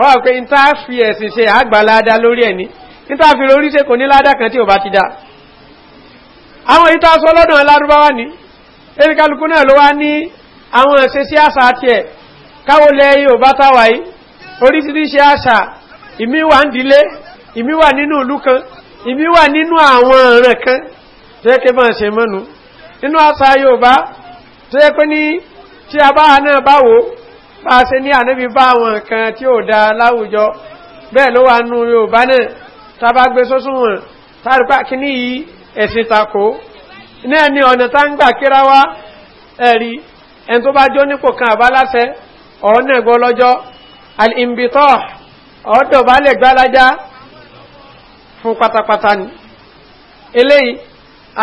ọ̀rọ̀ pé n tá fi ẹ̀sìn ṣe àgbàláda lórí ẹ̀ ni n tá fi lórí ṣe kò ní ládà kan tí ò bá ti da àwọn yìí tá a lọ́dọ̀ lárúbáwá ni ebi kálukú náà ló wá ní àwọn ṣe sí àṣà tiẹ̀ káwọ́ lẹ́ yorùbá táwa yìí oríṣiríṣi àṣà ìmí wà ń dilé ìmí wà nínú ìlú kan ìmí wà nínú àwọn ọ̀ràn kan tó yẹ kí máa ṣe mọ́nu nínú àṣà yorùbá tó yẹ pé ní tí a bá náà bá wò bá a ṣe ní ànábi bá àwọn nǹkan tí ò da láwùjọ bẹ́ẹ̀ ló wà nù yorùbá náà tá a bá gbé sọ́sùn wọn tá a rí pa kíní yìí ẹ̀sìn tako náà ni ọ̀nà tá ń gbà kíra wá ẹ̀rí ẹni tó bá jó nípò kan àbáláṣẹ ọ̀ọ́nà ẹ̀gbọ́ lọ́jọ́ alìmbìtọ́ ọ̀ọ́dọ̀ bá lè gbálájá fún pátápátá ni eléyìí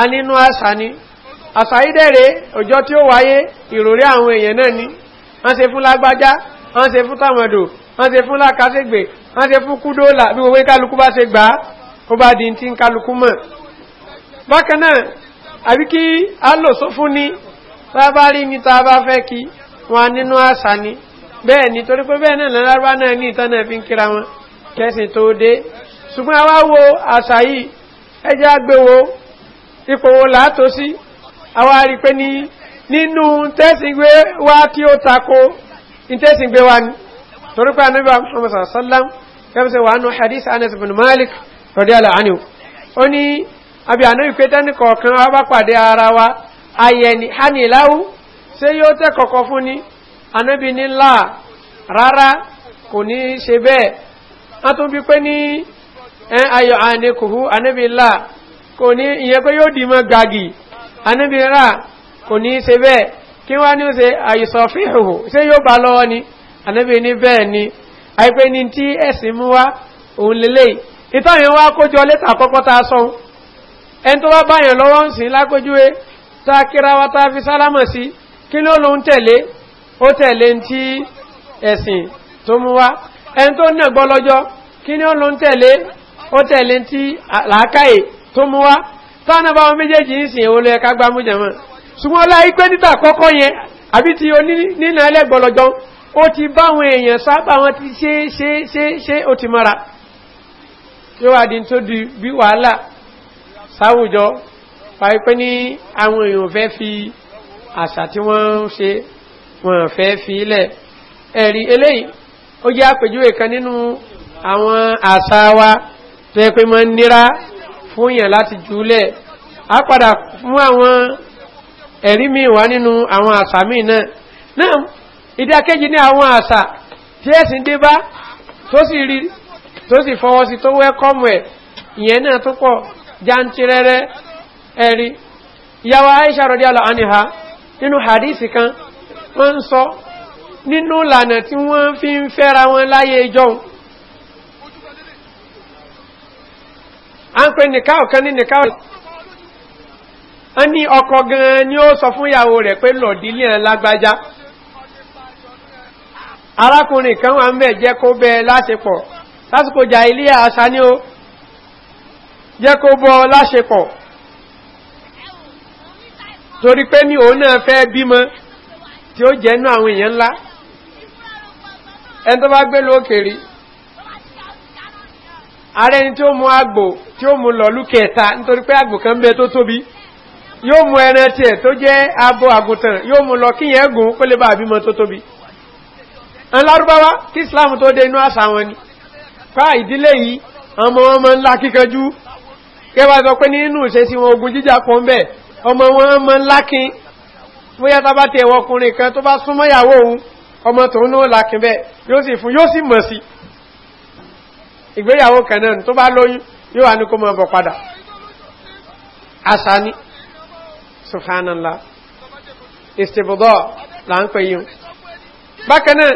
a nínú àṣà ni àṣà ìdẹ̀rẹ̀ òjò tí ó wáyé ìròrí àwọn èèyàn náà ni wọ́n se fún lágbájá wọ́n se fún tàmọ̀dò wọ́n se fún lákàṣègbè wọ́n se fún kúdóòlà bí wọ́n kálukú bá se gbà á kó bá di ti ń kálukú mọ̀ bákan náà àbí kí á lò só fún ni tá a bá rí ni tá a bá fẹ́ kí wọn nínú àṣà ni bẹ́ẹ̀ ni torí pé bẹ́ẹ̀ náà lárúbá náà ní ìtàn náà fi ń kíra wọn kẹsìn tó dé ṣùgbọ́n àwa wo àṣà yìí ẹjẹ́ àgbéwò ipò wo si awa àwọn àrípé ní nínú tẹ́sìngbé wa tí o tako tẹ́sìngbé wá ní torípé anábíwá muhammad sallam kẹfẹsẹ wà wa hadith anas malik ara wa ayẹni haniláwú ṣé yóò tẹ́ koko fun ni ni la rara kò ní ìyẹn pé yóò dìímọ̀ gàgì anábìrà kò ní í ṣe bẹ́ẹ̀ kí wọ́n ní ó ṣe àìsàn fíhùhù ṣé yóò bá lọ́wọ́ ni anábìrì ní bẹ́ẹ̀ ni àìpé ní tí ẹ̀sìn mú wá òun lélẹ̀ ìtọ́yìn wá kójọ létà àkọ́kọ́ ta sọ ẹni tó wá báyàn lọ́wọ́ ń sìn lákójúwé ta kíra wa ta fi sálámọ̀ sí kí ló lóun tẹ̀lé ó tẹ̀lé ní tí ẹ̀sìn tó mú wá ẹni tó nẹ̀gbọ́ lọ́jọ́ kí ló lóun tẹ̀lé ó tẹ̀lé ní tí làákàyè tó mú wá tánà bá wọn méjèèjì ń sìn òun lẹ́ẹ̀ká gbámú jẹ̀mọ́ ṣùgbọ́n ọlá ipẹ́ níta àkọ́kọ́ yẹn àbí ti onínà ẹlẹ́gbọ̀lọ́jọ́ ó ti báwọn èèyàn sábà wọn ti ṣe ṣe ṣe ṣe ó ti mara yóò wá di tó di bí wàhálà sáwùjọ pàápẹ́ ní àwọn èèyàn fẹ́ fi àṣà tí wọ́n ń ṣe wọ́n fẹ́ fi ilẹ̀ ẹ̀rí eléyìí ó jẹ́ àpèjúwe kan nínú àwọn àṣà wa tó pé mọ́ nira fún yàn láti jùúlẹ̀ a padà fún àwọn ẹ̀rí mi wá nínú àwọn àṣà mi náà náà ìdákejì ní àwọn àṣà tí ẹ̀sìn dé bá tó sì fọwọ́ sí tó wẹ́kọ́mù ẹ̀ ìyẹn náà tó pọ̀ jantirẹrẹ ẹ̀rí ìyàwó aisha rọ̀dí aláàníha nínú hadisi kan wọ́n ń sọ nínú ìlànà tí wọ́n fi ń fẹ́ra wọn láyé ìjọun a nika pè nìká ọ̀kan ní nìká ọ̀kan ní ọkọ̀ gan-an ni ó sọ fún ìyàwó rẹ̀ pé lọ̀dílé ẹ̀ lágbájá arákùnrin kan wà ń bẹ̀ kó bẹ láṣepọ̀ lásìkò jà ilé àṣà ni ó jẹ́ kó bọ́ láṣepọ̀ torí pé ní òun náà fẹ́ bímọ tí ó jẹ́ nú àwọn èèyàn ńlá ẹni tó bá gbé lókèrí ààrẹ ni tí ó mú àgbò tí ó mú lọ lúkẹta nítorí pé àgbò kan bẹ tó tóbi yóò mú ẹran tiẹ̀ tó jẹ abo àgùntàn yóò mú lọ kí islam tó dé inú ni pa ìdílé yìí ọmọ wọn mọ kẹwàá sọ pé nínú wọn ogun jíjà ọmọ wọn bóyá tá bá kan tó bá súnmọ́ ìyàwó òun ọmọ tòun náà yóò sì fún yóò sì mọ̀ sí i ìgbéyàwó kẹ̀nẹ́nu tó bá lóyún yóò wá ní kó mọ́ ọbọ̀ padà asani sùfánàlá ìsìbùdọ́ là ń pè yíò bákanáà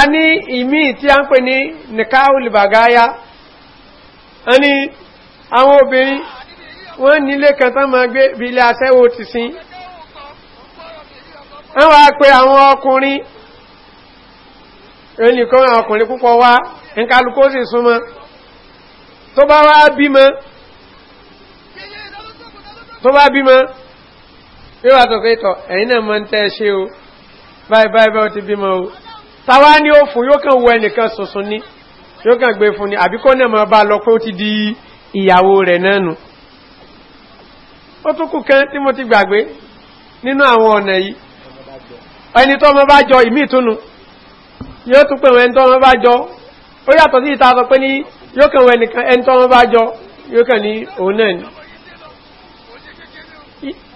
a ní ìmí tí a ń pè ní nìkáhùlìbàgáyá a ní àwọn obìnrin wọ́n nílé kan tán gbé bí ilé asẹ́wò ti sin wọ́n wá pé àwọn ọkùnrin ẹnìkan ọkùnrin púpọ̀ wá nkálukó sì súnmọ́ tó bá wá bímọ́ tó bá bímọ́ yóò wà tọ̀kọ́ ìtọ̀ ẹ̀yìn náà mọ́ ń tẹ́ ṣe o báyìí báyìí báyìí ti bímọ o tàwa ní ó fún yóò kàn wọ ẹnìkan sùsùn ní yóò kàn gbé fún ní àbíkọ́ náà mọ́ bá lọ pé ó ti di ìyàwó rẹ̀ náà nù ó tún kù kán tí mo ti gbàgbé nínú àwọn ọ̀nà yìí ẹni tó mọ́ bá jọ ìmí ìtúnu yóò tún pẹ̀wọ̀n ẹni tó wọ́n bá jọ ó yàtọ̀ sí ìta sọ pé ní yóò kẹwọ̀n ẹnìkan ẹni tó wọ́n bá jọ yóò kẹ̀ ní òun náà ni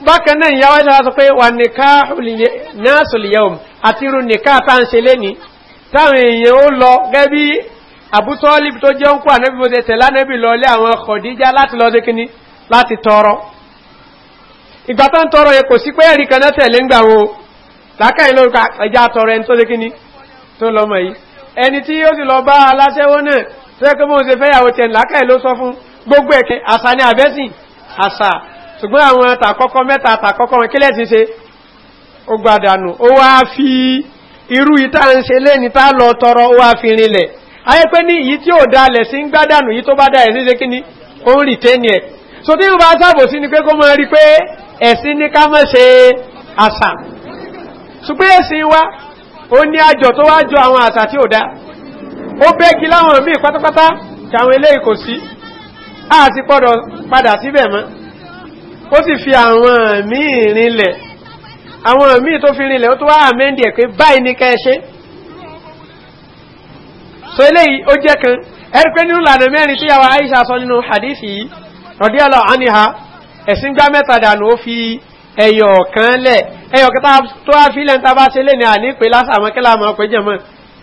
bákan náà ìyáwó ìdára sọ pé wà nìká náà sòlìyàwó àti irú nìká tá ń ṣe léni táwọn èèyàn ó lọ gẹ́gẹ́ bí àbútọ́ọ́lì tó jẹ́ ń kó ànábì bó ṣe tẹ̀lá nábì lọ lé àwọn kọ̀díjá láti lọ sí láti tọrọ ìgbà tó ń tọrọ yẹ kò sí pé ẹ̀rí kan náà tẹ̀lé ń gbà wo làákàyè lórúkọ ẹja tọrọ ẹni tó ṣe tó lọ́mọ yìí ẹni tí yóò sì lọ bá aláṣẹ́wọ́ náà tẹ́kọ́ mọ́ ṣe fẹ́yàwó tẹ̀ lákàí ló sọ fún gbogbo ẹ̀kẹ́ àṣà ní àbẹ́sìn àṣà ṣùgbọ́n àwọn tàkọ́kọ́ mẹ́ta tàkọ́kọ́ wọn kílẹ̀ sí ṣe ó gbàdànù ó wá fi irú ìta ń ṣe lé ní tá lọ tọrọ ó wá fi rinlẹ̀ ayé pé ní ìyí tí ò dalẹ̀ sí ń gbádànù yìí tó bá dá ẹ̀sìn ṣe kíní ó ń rì tẹ́ni ẹ̀ so tí ń sábò sí ni pé kó mọ́ rí pé ẹ̀sìn ní ká mọ́ ṣe àṣà ṣùgbọ́n ẹ̀sìn wa ó ní àjọ tó wá jọ àwọn àṣà tí ó dá ó bẹ́gi láwọn míì pátápátá tàwọn ilé ìkò sí a sì pọ́dọ̀ padà síbẹ̀ mọ́ ó sì fi àwọn míì rinlẹ̀ àwọn míì tó fi rinlẹ̀ ó tó wá àmẹ́ndì ẹ̀ báyìí ní kẹ́ẹ̀ṣẹ́ so eléyìí ó jẹ́ kan ẹ̀rí nínú ìlànà mẹ́rin tí yàwó aisha sọ nínú hadith yìí rọ̀díọ̀lọ́ àníhà ẹ̀sìn gbá mẹ́ta fi ẹyọ kan lẹ ẹyọ kẹta tó a fi lẹ́nu bá ṣe lé ní àní pé lásà mọ́ kẹ́lá mọ́ pé jẹ̀mọ́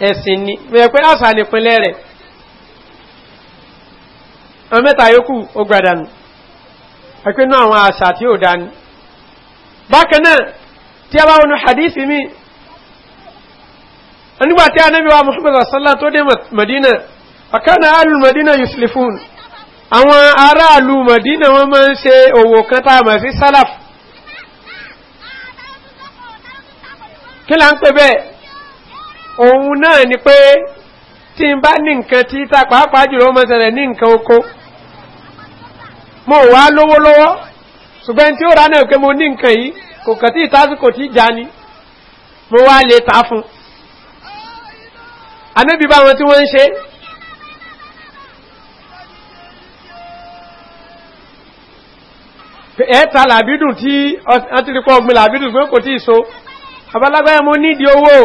ẹ̀sìn ni mẹ́ pé lásà nípínlẹ̀ rẹ̀ ọmọ mẹ́ta yòókù ó gbàdánù ẹ̀pẹ́ inú àwọn àṣà tí ó dání bákan tí a bá wọnú hadithi mi nígbà tí anábí wa muhammad sallam tó dé madina ọ̀kan alu madina yuslifun àwọn aráàlú madina wọ́n máa ń ṣe òwò salaf kí la ń pè bẹ́ẹ̀ òun náà ni pé tí n bá ní nǹkan tí ta pàápàá jùlọ ó mọ̀sẹ̀rẹ̀ ní nǹkan oko mo wá lówó lọ́wọ́ ṣùgbọ́n tí ó rà náà pé mo ní nǹkan yìí kò kàn tí ìtásíkò tí já ni mo wá lè ta fún anábì bá wọn tí wọ́n ń ṣe ẹ̀ẹ́ta làbídùn tí ọtí rí ọgbìn làbídùn pé kò tí ì so àbálágbáyà mo nídi owó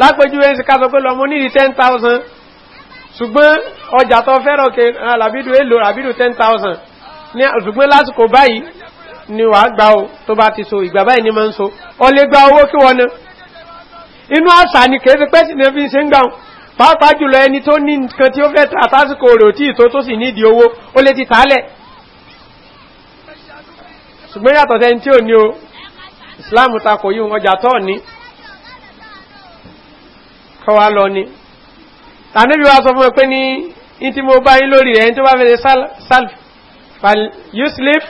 lápẹjú ẹ̀ ń sika sọ pé lọ mo nídi ten thousand ṣùgbọ́n ọjà tó fẹ́ràn kẹ ah, làbídù èlò làbídù ten thousand ní ṣùgbọ́n lásìkò báyìí ni wàá gba o tó bá ti so ìgbà báyìí ni máa ń so ọ lè gba owó kí wọ́n inú àṣà ni kèé ti pẹ́ sí ní fi ṣe ń gbà pàápàá jùlọ ẹni tó ní nǹkan tí ó fẹ́ tà tásìkò rẹ̀ ò tí ì tó tó sì nídìí owó ó lè ti tàálẹ̀ ṣùgbọ́n yàtọ̀ sẹ́ni tí ò ní o islam takò yíò ọjà tọ́ ní kọwa lọ ní tàníbí wá sọ fún ẹ pé ní in tí mo bá yí lórí rẹ̀ tó bá fẹ́ salf yuslif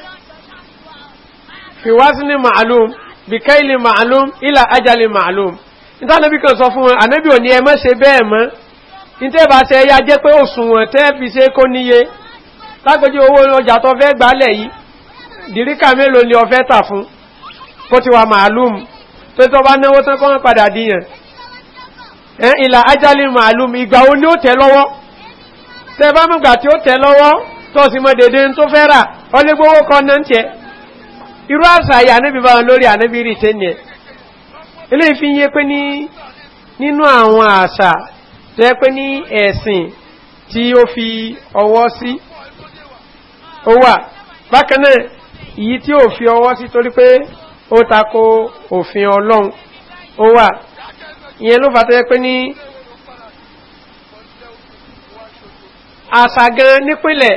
fi wá sí ní ma'alum bí káìlì ma'alum ilà ajali ma'alum ìtànàbí kan sọ fún wọn ànábí ò ní ẹmọ́ ṣe bẹ́ẹ̀ mọ́ ìtẹ́bà ṣe ẹyá jẹ́ pé òṣùwọ̀n tẹ́ fi ṣe kó níye lágbójú owó ọjà tó fẹ́ gbálẹ̀ yìí dìríkà ni ọ fẹ́ tà fún kó ti wà màálùm tó tó bá náwó tán kọ́ wọ́n padà díyàn ẹ́ ìlà ajálì màálùm ìgbà ó ní ó tẹ́ lọ́wọ́ tẹ́ bá mọ̀gbà tí ó tẹ́ lọ́wọ́ tó sì mọ̀ dédé tó fẹ́ rà ọlẹ́gbówó kọ́ náà ń tẹ́ irú àṣà yà níbi bá wọn lórí àníbi rí tẹ́ ilé ìfi yé pé ní nínú àwọn àṣà tó pé ní ẹ̀sìn tí ó fi ọwọ́ sí ó wà bákan náà èyí tí ò fi ọwọ́ sí torí pé ó takó òfin ọlọ́run ó wà ìyẹn ló fà tó yẹ pé ní àṣà gan nípínlẹ̀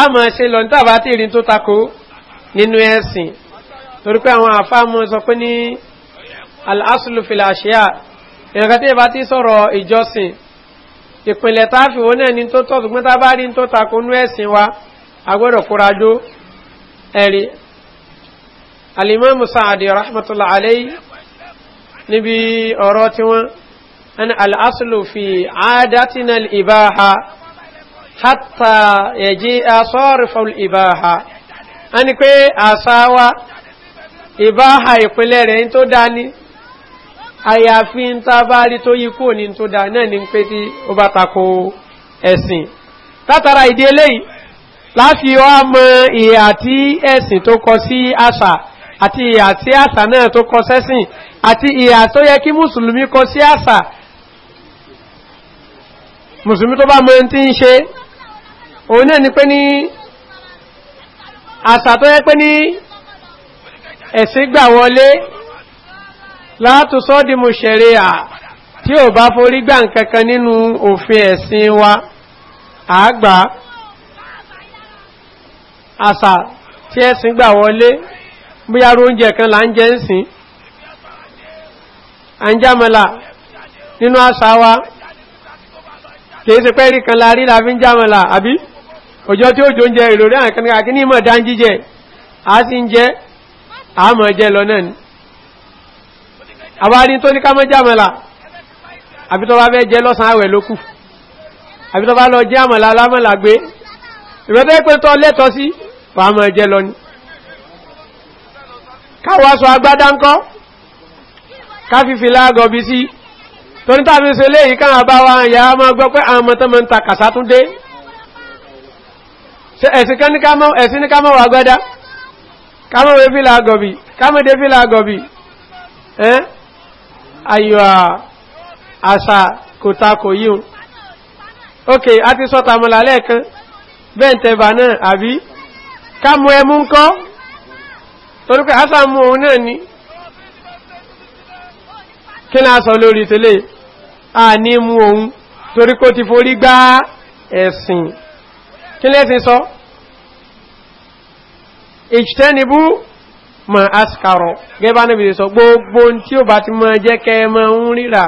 àmọ́ ṣe lọ nítàbá tí ìrìn tó takó nínú ẹ̀sìn torí pé àwọn àfáàmọ́ sọ pé ní alásùlùfìlà àṣíyà ìrìnkà tí ìbá ti sọ̀rọ̀ ìjọsìn ìpínlẹ̀ táàfìwò náà ní tó tọ́ ṣùgbọ́n tá bá rí tó takó nú ẹ̀sìn wa agbọ́dọ̀ kórajó ẹ̀rí alimamu sa'adi rahmatullahi alayhi níbi ọ̀rọ̀ tí wọ́n ẹni al'aslu fi adatina al'ibaha hatta ya ji a sọ́rifar ibaha ẹni pé àsáwá ìbáha ìpínlẹ̀ rẹ̀ tó dá ní àyàfi ń tá bá rí tó yí kò ní tó dá náà ní pé tí ó bá tako ẹ̀sìn látara ìdí eléyìí láfi ọ́ mọ ìhà tí ẹ̀sìn tó kọ sí àṣà àti ìhà sí àṣà náà tó kọ sẹ́sìn àti ìhà tó yẹ kí mùsùlùmí kọ sí àṣà mùsùlùmí tó bá mọ́ tí ń ṣe òun náà ni pé ní àṣà tó yẹ pé ní ẹ̀sìn gbà wọlé látòsọ́ di mùsẹ̀rẹ̀ à tí ò bá forí gbà nkankan nínú òfin ẹ̀sìn wa àgbà àṣà tí ẹ̀sìn gbà wọlé bóyá oúnjẹ kan là ń jẹ ń sìn àǹjámọ́là nínú àṣà wa kìí ṣe pẹ́ẹ́rì kan la rí láfi ń jámọ́là àbí òjò tí ó jò ń jẹ ìròrí àwọn kan kí ní ìmọ̀ dá ń jíjẹ a sì ń jẹ àmọ̀ jẹ lọ náà ni àwárí tó ní ká mọ́ jámọ́là àbí tó bá fẹ́ jẹ lọ́sàn àwẹ̀ ló kù àbí tó bá lọ jẹ́ àmọ̀là alámọ̀là gbé ìrọ̀tẹ́ pé tọ́ lẹ́tọ́ sí wàá mọ̀ jẹ lọ káwọ́ aṣọ agbádá ńkọ́ káfífi lágọ̀bí sí torí tàbí ṣe léyìí káwọn bá wa ìyá ọmọ gbọ́ pé àwọn ọmọ tó mọ́ ń ta kàsátúndé ẹ̀sìn kan ní ká mọ́ wà gbádá kámọ́ wé fílà gọ̀bì kámọ́ dé ok a ti sọ tàmọ̀lá lẹ́ẹ̀kan bẹ́ẹ̀ tẹ̀bà náà àbí kámọ́ ẹmú ń kọ́ torí pé hassan mú òun náà ní kí náà sọ lórí tẹ́lẹ̀ a ní mú òun torí kó ti forí gbá ẹ̀sìn kí lẹ́sìn sọ ìjtẹ́nibú ma askarọ̀ gẹ́bá níbi sọ gbogbo tí ó bá ti mọ́ jẹ́ kẹ́ mọ́ ń ríra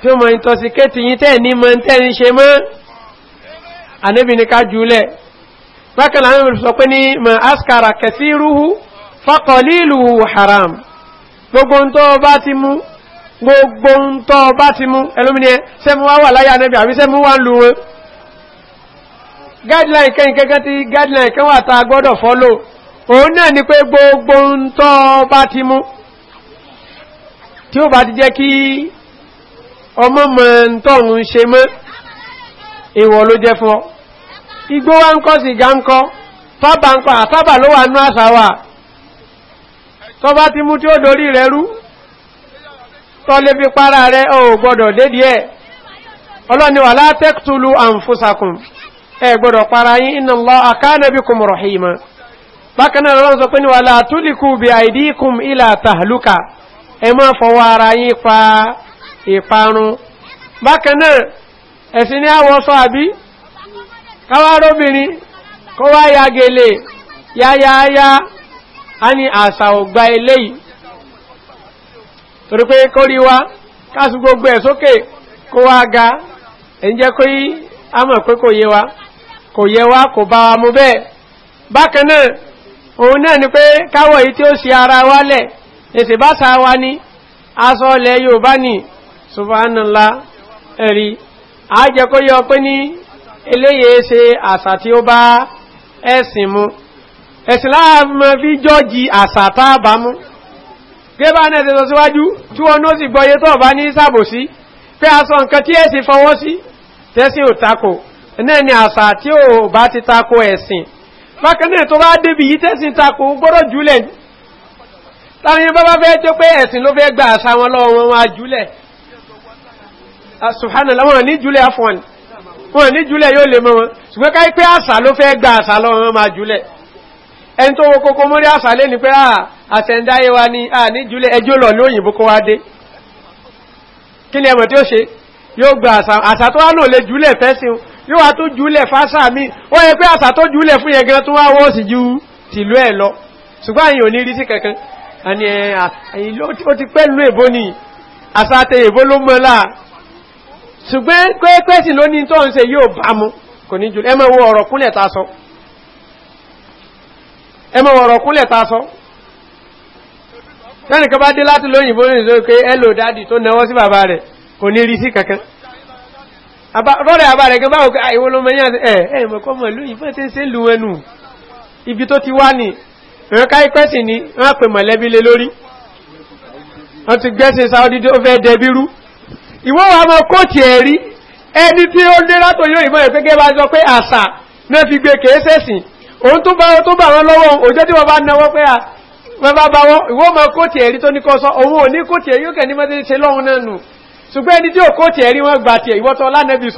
tí ó mọ́ ìtọ́síkétì yí tẹ́ ní mọ́ tẹ́ni ṣe mọ́ àníbi jùlẹ̀ bákan láwọn ìrìsọ pé ní ma askara kẹsí rúhú fọ́kọ̀lílù haram gbogbo ń tó bá ti mú gbogbo ń tó bá ti mú ẹlómìnì ẹ sẹ́mú wá wà láyé anẹ́bì àbí sẹ́mú wá ń lú wọn guideline kẹ́yìn kẹ́kẹ́ tí guideline kẹ́ wà ta gbọ́dọ̀ fọ́lò òun náà ni pé gbogbo ń tó bá ti mú tí ó bá ti jẹ́ kí ọmọ mọ̀ ń tọ̀hún ṣe mọ́ ìwọ̀ ló jẹ́ fún ọ igbó wá ń kọ́ sìgá ń kọ́ tábà ń kọ́ àtábà ló wà nú àṣà wà tó bá ti mú tí ó dorí rẹ̀ rú tó lè fi para rẹ̀ o gbọ́dọ̀ dédí ẹ̀ ọlọ́ni wà látẹ́kùtùlù àǹfúsakùn ẹ gbọ́dọ̀ para yí iná lọ àkánẹ́bí kùn rọ̀hìmọ̀ bákanáà lọ́wọ́n sọ pé ní wà látúlìkù bí àìdíkùn ilà tàhálùkà ẹ máa fọwọ́ ya a ní gba ògbà eléyìí torí pé wá káàsù gbogbo ẹ̀ sókè kó wá ga ẹ̀njẹ́ kó yí a mọ̀ pé kò wa kò kò bá wa mú bẹ́ẹ̀ náà òun náà ni pé káwọ̀ yìí tí ó ṣe ara wálẹ̀ èsì bá sa wa ní aṣọ ọlẹ̀ yorùbá ní subhanallah ẹ̀rí àjẹkóyọ pé ní eléyèé ṣe àṣà tí ó bá ẹ̀sìn ẹ̀sìláàmà fi jọ́jì àsàtàbámú gẹ́bà náà ti sọ síwájú tí wọ́n ní ó sì gbọ́yé tó bá ní sàbòsí pé aṣọ nǹkan tí ẹ̀sì fọwọ́ sí tẹ́sí ò takò náà ni àṣà tí ò bá ti takò ẹ̀sìn bákanáà tó bá débi yí tẹ́sìn takò gbọ́dọ̀ jùlẹ̀ láàrin bá bá fẹ́ tó pé ẹ̀sìn ló ah, ṣùgbọ́n káyí pé àṣà ló fẹ́ gba àṣà lọ́wọ́ máa jùlẹ̀ ẹni tó wo kókó mórí àṣàlẹ́ ah, ni pé àtẹ̀ndáyé wa a ní jùlẹ̀ ẹjọ́ lọ ní òyìnbó kó wá dé kí ni ẹmọ̀ tí ó ṣe yóò gba àṣà tó wá náà lè jùlẹ̀ fẹ́sìn yóò wá tó jùlẹ̀ fásà mi ó yẹ pé àṣà tó jùlẹ̀ fún yẹn gan tó wá wọ́n sì ju tìlú ẹ̀ lọ ṣùgbọ́n àyìn ò ní rí sí kankan eh, àni ẹ̀yìn ó ti pẹ́ lú èbó ni àṣà tẹ èbó ló mọ́ láà ṣùgbọ́n pẹ́ẹ́pẹ́sì lónìí ẹmọ ọ̀rọ̀ kúnlẹ̀ ta sọ tẹ́nìkan bá dé láti lóyìnbó ní ìsókè ẹlò dáàdì tó náwọ́ sí bàbá rẹ̀ kò ní rí sí kankan rọ́rẹ̀ àbá rẹ̀ gan báwọn ah, ìwọ ló mẹ́yàn ẹ̀ ẹ̀ mọ̀kọ́ mọ̀ ìlú ni wọ́n pè mọ̀lẹ́bí lé lórí wọ́n ti gbẹ́sẹ̀ sáwọ́dí tó fẹ́ dẹbírú ìwọ́ wa mọ kóòtì ẹ̀rí ẹni tí ó lé látòyó ìmọ̀ ìpẹ́gẹ́ bá jọ pé àṣà náà fi gbé kèésẹ̀sìn òun tó bá tó bà wọn lọ́wọ́ òjò tí wọ́n bá náwọ́ pé wọ́n bá bá wọ́n ìwọ́n ma kóòtì ẹ̀rí tó ní kọ́ sọ òun ò ní kóòtì ẹ̀rí òkè ní mọ́tí ṣe lọ́hun náà nù ẹni tí ò ẹ̀rí wọ́n gbà tí ìwọ́tọ́ lánàbí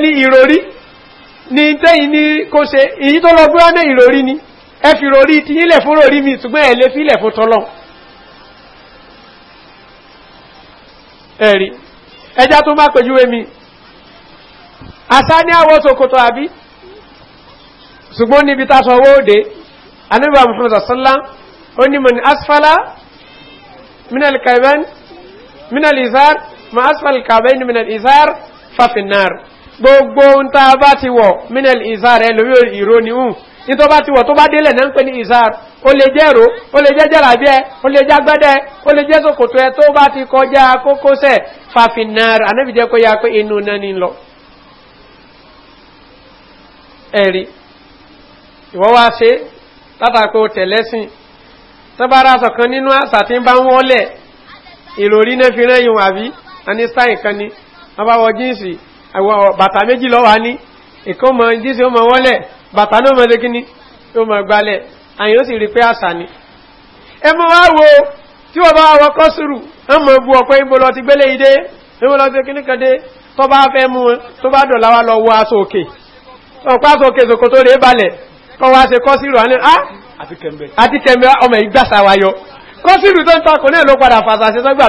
ni ìròrí ni tẹ́yìn ní kó ṣe èyí tó lọ ni ẹ fi ròrí ti yílẹ̀ fún ròrí mi ṣùgbọ́n ẹ̀ lé ẹjá tó má pèjúwe mi àṣà ní àwọ̀ sokoto àbí ṣùgbọ́n níbi tá sọ wóde anábà muhammad sallam ó ní mọ̀ni asfala minal kaiben minal izar ma asfal kaiben minal izar fafinar gbogbo ń ta bá ti wọ̀ minal izar ẹlòmí ìró nítọ́ bá ti wọ̀ tó bá délẹ̀ náà ń pè ní ìsáàr ó lè jẹ́rò ó lè jẹ́ jẹ́ràbíẹ́ lè jágbẹ́dẹ́ ó lè jẹ́ sòkòtò ẹ tó bá ti kọjá kókósẹ̀ fàfinnar anábìjẹ́ kó ya pé inú náà ní lọ ẹ̀rí ìwọ́ wá ṣe látàkó tẹ̀lẹ́sìn tọ́bára sọ̀kan nínú àṣà tí ń bá ń wọ́lẹ̀ ìròrí náà fi rán ìwọ̀n àbí àní stáì kan ni wọ́n bá wọ jíǹsì bàtà méjì lọ́wọ́ ní ìkó mọ jíǹsì ó mọ wọ́lẹ̀ bàtà ló mọ̀ lékíní ó mọ̀ gbálẹ̀ àyìn ó sì rí pé àṣà ni ẹ mọ́ wá wo tí wọ́n bá wọ kọ́sùrù ẹ mọ̀ bu ọ̀pẹ́ ìbò lọ ti gbélé ìdé ìbò lọ ti kíní kan dé tó bá fẹ́ mú tó bá dọ̀lá wa lọ wọ aṣọ òkè ọ̀pá aṣọ òkè sòkò tó lè balẹ̀ kọ́ wá ṣe kọ́sùrù àní á ah! àti kẹ̀mbẹ́ ọmọ ìgbàsà wa yọ kọ́sùrù tó ń takò náà ló padà fàṣà ṣe sọ́gbà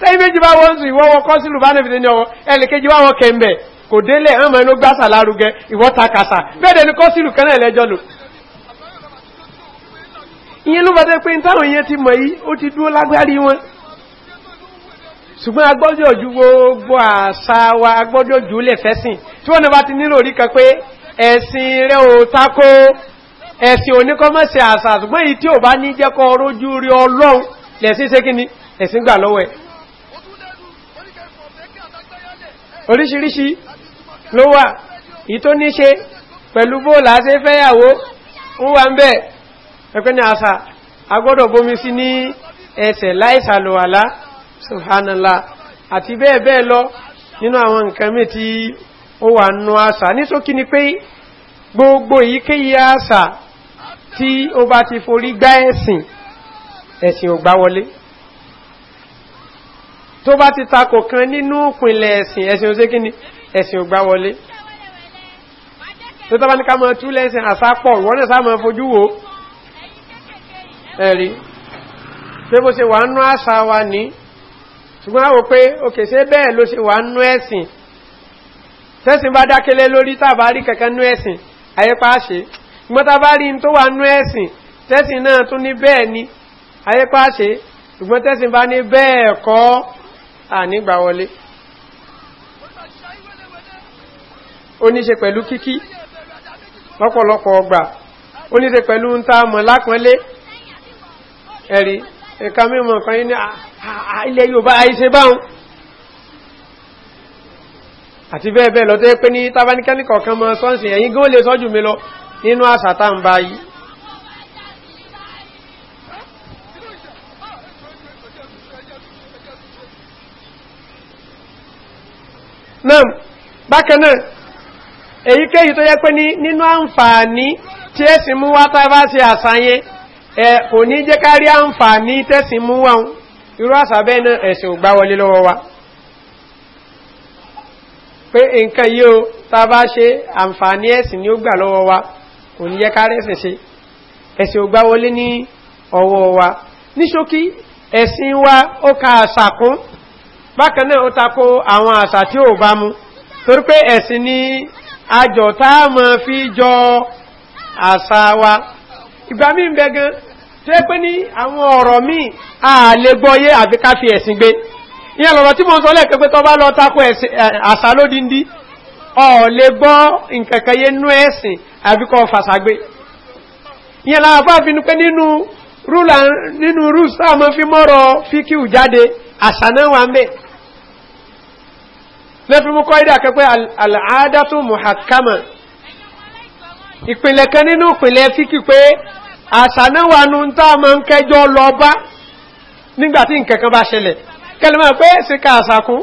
sẹ́yìn méjì bá wọ́n sùn ìwọ́wọ́ kọ́sílù bá nẹ̀fìdé ní ọwọ́ ẹnìkejì wá wọ́n kẹ́ńbẹ̀ kò délẹ̀ ọmọ inú gbásà lárugẹ ìwọ́ta kàsà bẹ́ẹ̀dẹ̀ ní kọ́sílù kẹ́nà ẹlẹ́jọ́ lò ìyẹn ló bàtẹ́ pé táwọn ìyẹn ti mọ̀ yí ó ti dúó lágbárí wọn ṣùgbọ́n agbọ́jọ́ ju gbogbo àṣà wa agbọ́jọ́ jù lẹ̀ fẹ́sìn tí wọ́n bá ti ẹ̀sìn gbà lọ́wọ́ ẹ̀ oríṣiríṣi ló wà ìtó níṣe pẹ̀lú bóòlà àti fẹ́yàwó ń wà ń bẹ̀ ẹgbẹ́ ní àṣà agbọ́dọ̀ bómi sí ní ẹsẹ̀ láìsàlùwàlá ṣùhánàlá àti bẹ́ẹ̀ bẹ́ẹ̀ lọ nínú àwọn nǹkan mẹ́ tí ó wà nù àṣà nísókí ni pé gbogbo èyíkéyí àṣà tí ó bá ti forí gbá ẹ̀sìn ẹ̀sìn ò gbá wọlé tó bá ti takò kan nínú ìpínlẹ̀ ẹ̀sìn ẹ̀sìn ó sé kí ni ẹ̀sìn ò gbá wọlé tó tọ́bá ní ká mọ́ túlẹ̀ ẹ̀sìn àsápọ̀ wọ́n náà sáàmọ́ fojú wo ẹ̀rí pé bó ṣe wà ń nú àṣà wa ní ṣùgbọ́n àwò pé òkè ṣe bẹ́ẹ̀ ló ṣe wà ń nú ẹ̀sìn tẹ́sìn bá dákélé lórí tàbá rí kẹ̀kẹ́ nú ẹ̀sìn ayépa ṣe ṣùgbọ́n tẹ́sìn bá ní bẹ́ẹ̀ kọ́ ànígbà wọlé ó ní ṣe pẹ̀lú kíkí lọ́pọ̀lọpọ̀ ọgbà ó ní ṣe pẹ̀lú ń tá mọ̀ lápọ́nlé ẹ̀rí ẹ̀ka mímọ̀ kan yí ní ilẹ̀ yóò bá àìṣe báhùn àti bẹ́ẹ̀ bẹ́ẹ̀ lọ tó yẹ pé ní tábánikẹ́nìkọ̀ọ̀kan náà bákan náà èyíkéyìí tó yẹ pé nínú àǹfààní tí ẹ̀sìn mú wá tábá sí àṣàyẹ ẹ̀ kò ní jẹ́ kárí àǹfààní tẹ́sìn mú wá irú àṣàbẹ́ náà ẹ̀sìn ò gbá wọlé lọ́wọ́ wa pé nǹkan yíò tábá ṣe àǹfààní ẹ̀sìn ni ó gbà lọ́wọ́ wa kò ní jẹ́ kárí ẹ̀sìn ṣe ẹ̀sìn bákan náà ó takó àwọn àṣà tí ó bá mú torí pé ẹ̀sìn ni àjọ táà mọ̀ fi jọ àṣà wa ìgbà mí ń tí ó pé ní àwọn ọ̀rọ̀ míì a lè gbọ́yé àfi ká fi ẹ̀sìn gbé ìyẹn lọ̀rọ̀ tí mo sọ lẹ́ẹ̀kẹ́ pé tó bá lọ takó àṣà lódindi ọ̀ lè gbọ́ nkẹ̀kẹ́yé nú ẹ̀sìn àfi kọ́ fàṣà gbé ìyẹn láàbá fi rúlà nínú rúùsù táwọn fi mọ́rọ̀ fíkìú jáde àṣà náà wà ń lẹ́fí mú kọ́ ìdá kẹ́pẹ́ al'adátún muhakkama ìpìlẹ̀ kan nínú ìpìlẹ̀ fíkì pé àṣànáwànú tá ma ń kẹjọ lọ bá nígbàtí nkẹ̀kan bá ṣẹlẹ̀ kẹlẹ̀mọ́ pé sí ká àṣàkún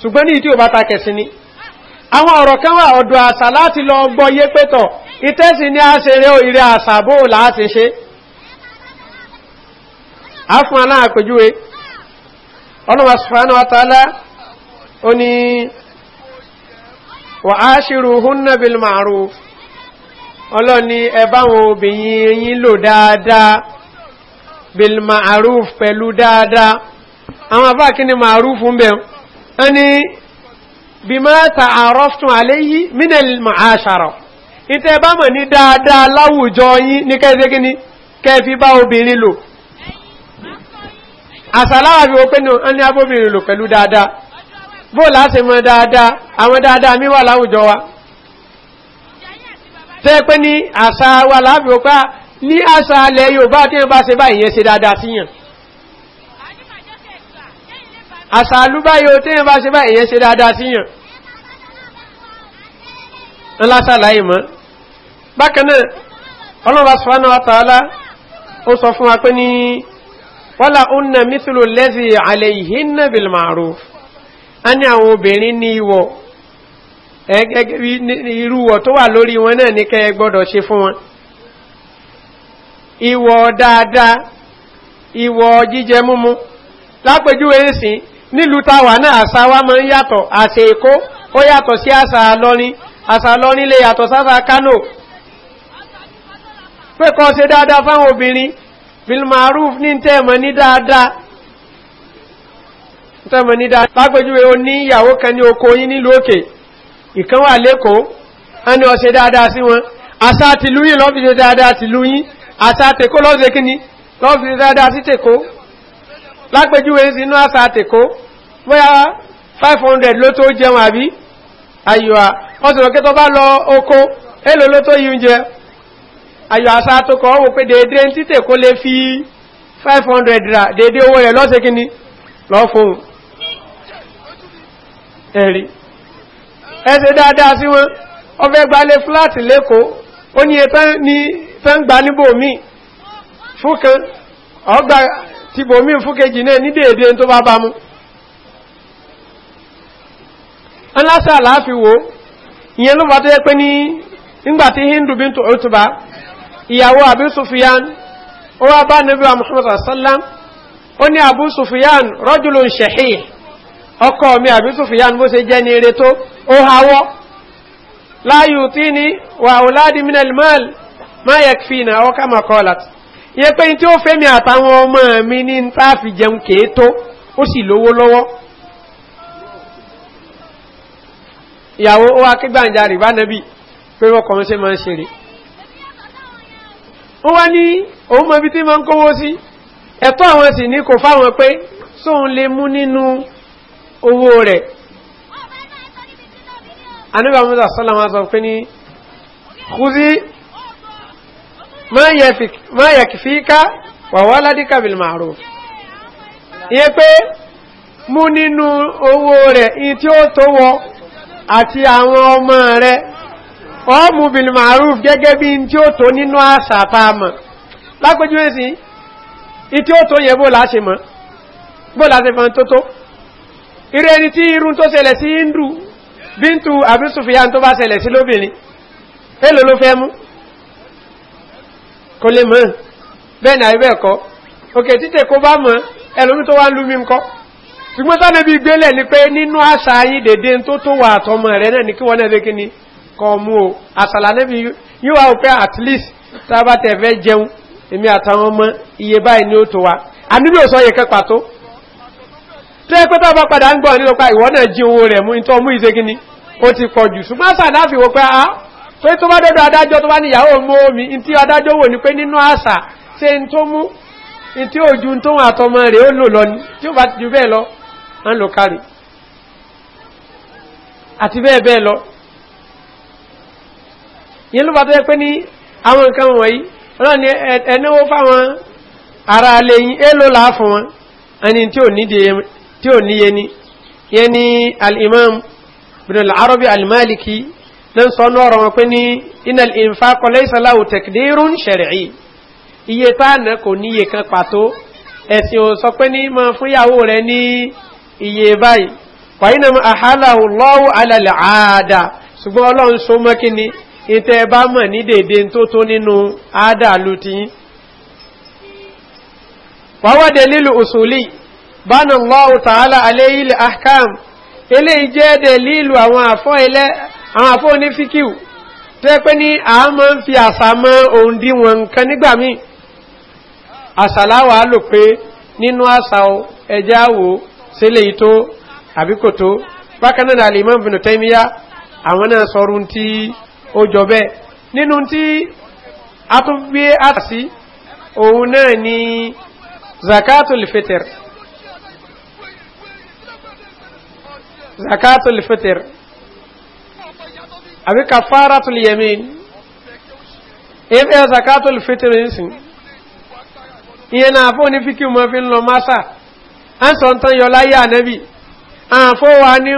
ṣùgbọ́n ní ìdí òbáta kẹsí ni àwọn ọ̀rọ̀ kan wà ọ̀dọ̀ àṣà láti lọ gbọ́ yé pẹ́tọ̀ ìtẹ́sì ní a ṣe rẹ ìrẹ àṣà bó láti ṣe á fún aláàpẹjúwe ọlọ́wà sùfánà wátàlá ó ní wà á ṣírù húnnà bilmaru ọlọ́ni ẹbáwọn obìnrin yìí lò dáadáa bilmaru pẹ̀lú dáadáa àwọn afá kí ni maru fún bẹ̀ ẹ ní bí máa ta àrọ́ftún aléyí mínẹ̀lì máa ṣàrọ̀ ìtẹ́ bá mọ̀ ní dáadáa láwùjọ yìí ní kẹ́ẹ̀ẹ́ kí ni kẹ́ẹ̀fí bá obìnrin lò àṣàláwà bí ó pé ní abóbìnrin lò pẹ̀lú dáadáa bó láti mọ dáadáa àwọn dáadáa mi wà láwùjọ wa tẹ́ pé ní àṣà wa láàbí òpá ní àṣà alẹ́ yóòbá tí wọ́n bá ṣe báyìí yẹn ṣe dáadáa síyàn àṣà alúbáyò tí wọ́n bá ṣe báyìí yẹn ṣe dáadáa síyàn ńlásàláyé mọ́ bákanáà ọlọ́wà sọ́nà àtàlá ó sọ lẹ́sì àlẹ́ ìhìn náà bìlmàrú a ní àwọn obìnrin ní ìwọ̀ irúwọ̀ tó wà lórí wọn náà ní kẹ́ gbọ́dọ̀ ṣe fún wọn ìwọ̀ dáadáa ìwọ̀ jíjẹ múmú lápẹjúwe ìsìn nílùú táwà náà àṣà wá mọ́ yàtọ̀ àṣà èkó ó yàtọ̀ sí àṣà lọ́rin àṣà lọ́rin lè yàtọ̀ sáṣà kánò pẹ́kọ́ ṣe dáadáa fáwọn obìnrin ní ní dáadáa tẹ́mọ̀ ní dáa lágbèjúwe o ní ìyàwó kan ní oko yín nílùú òkè ìkan wà lẹ́kọ̀ọ́ a ní ọ̀ṣẹ́ dáadáa sí wọn àṣà tìlú yìí lọ́fíìsẹ́ dáadáa tìlú yín àṣà tèkó lọ́sẹ̀ dáadáa sí tèkó lágbèjúwe sí inú àṣà tèkó bóyá five hundred ló tó jẹun àbí ayọ̀à ọ̀sọ̀rọ̀ kẹ́tọ́ oko èlò ló tó yí oúnjẹ ayọ̀ àṣà tó kọ́ wò five hundred ra déédéé owó rẹ̀ lọ́sẹ̀ kíní lọ́ ẹ̀rí ẹ̀ṣẹ̀ dáadáa sí wọn ọfẹ́ gbalẹ̀ fúláàtì lẹ́kọ̀ọ́ ó ní ẹ̀fẹ́ ń gba níbòmí fúnkan ọgbà fúnkejì náà ní dèédé tó bá bá mú ọlásà àláfíwò ìyẹn ló bá hindu bí tó òtúbá ìyàwó àbí sufiyan ó wá bá níbi àmúhàmàtà sallá ó ní àbú sufiyan rọ́jùlù ọkọ mi àbí sùfìyàn bó ṣe jẹ́ ní eré tó ó hawọ́ láyù tí ni wà ó ládi minel mal má yẹ fi ìnà ọkà mà kọlàt yẹ pé tí ó fẹ́ mi àtàwọn ọmọ mi ní ta fi jẹun kèé tó ó sì lówó lọ́wọ́ ìyàwó ó wá kí gbàǹjà rì bá nẹ́bì pé wọ́n kọ̀ọ́ ṣe máa ń ṣeré ó wá ní òun mọ̀ bí tí máa ń kówó sí ẹ̀tọ́ àwọn sì ní kò fáwọn pé sóun lè mú nínú owó rẹ̀ anábà mọ́sá sọ́lọ́mà sọ pé ní kúzí máa yẹ kìí ká wà wá ládíkà bilmaro iye pé mú nínú owó rẹ̀ in tí ó tó wọ àti àwọn ọmọ rẹ̀ ọmú bilmaro gẹ́gẹ́ bí in tí ó tó nínú àṣà pàmà in tí ó tó yẹ bó láṣe mọ́ bó láṣe fọ́n tó tó irú ẹni tí irun tó ṣẹlẹ̀ sí hindu bíntù àbísùfìyà tó bá ṣẹlẹ̀ sí lóbìnrin èlò ló fẹ́ mú kò lè mọ́ bẹ́ẹ̀ ni àyíbẹ̀ ẹ̀kọ́ òkè títẹ̀ kó bá mọ́ ẹlòmí tó wá ń lú ńkọ́ ṣùgbọ́n tánà bí gbélẹ̀ ni pé nínú àṣà yìí dèdè tó tó wà àtọmọ rẹ̀ náà ní kí wọ́n náà lé kíní kọ mú o àṣàlà náà bí yíò at least tá fẹ́ jẹun èmi àtàwọn ọmọ iye báyìí ni ó tó wa àníbi òsọ yẹ kẹ́ pàtó tẹ́ pé tọ́bọ̀ padà ń gbọ́ ní ọpá ìwọ́n náà jí owó rẹ̀ mú ìtọ́ mú ìṣe kíní ó ti pọ̀ jù ṣùgbọ́n àṣà láfi wò pé a ah, pé tó bá dọ́dọ̀ adájọ́ tó bá ní ìyàwó mú omi tí adájọ́ wò ní pé nínú àṣà ṣe ń tó mú tí ó ju tó àtọmọ rẹ̀ ó lò lọ ní tí ó bá ju bẹ́ẹ̀ lọ ń lò kárí àti bẹ́ẹ̀ bẹ́ẹ̀ lọ yẹn ló bá tó yẹ pé ní àwọn nǹkan wọ̀nyí ọlọ́ni ẹ̀ẹ́nẹ́wó fáwọn ara lẹ́yìn èlò làá fún wọn ẹni tí ò nídìí tí ò níye ní yẹ ní al'imam bin al'arabi al-maliki nan sọ ní ọ̀rọ̀ wọn pé ní iná al'infa kọlẹ̀ ìsàláwò tẹ̀kìdírún ṣẹ̀rẹ̀ iye tánà kò níye kan pàtó ẹ̀sìn ò sọ pé ní ma fún yàwó rẹ̀ ní iye báyìí wàyínà ma àhálàhù lọ́wọ́ alàlẹ̀ àádá lílù òṣòlì bánà lọ́wọ́ tààlà alẹ́ ilẹ̀ ahkam ilé ìjẹ́ dẹ̀lílù àwọn àfọ́ onífíkíù tó pé ní àmọ́ ń fi àsàmọ́ ohun dí wọn nǹkan nígbà míì àsàláwà lò pé nínú àsà ẹjẹ́ àwò sílé ìtó àbíkòtó bákanáà alìmọ́ bìnú tẹ́míyá àwọn náà sọrún zakatul fitr zakatul fitr àbí kafaratul yamin ìfẹ́ zakatul fitr ń sìn ìyẹn náà fún ní fíkì mọ́ fi ń lọ másà án sọ tán yọ láyé ànẹ́bì àfọwà ní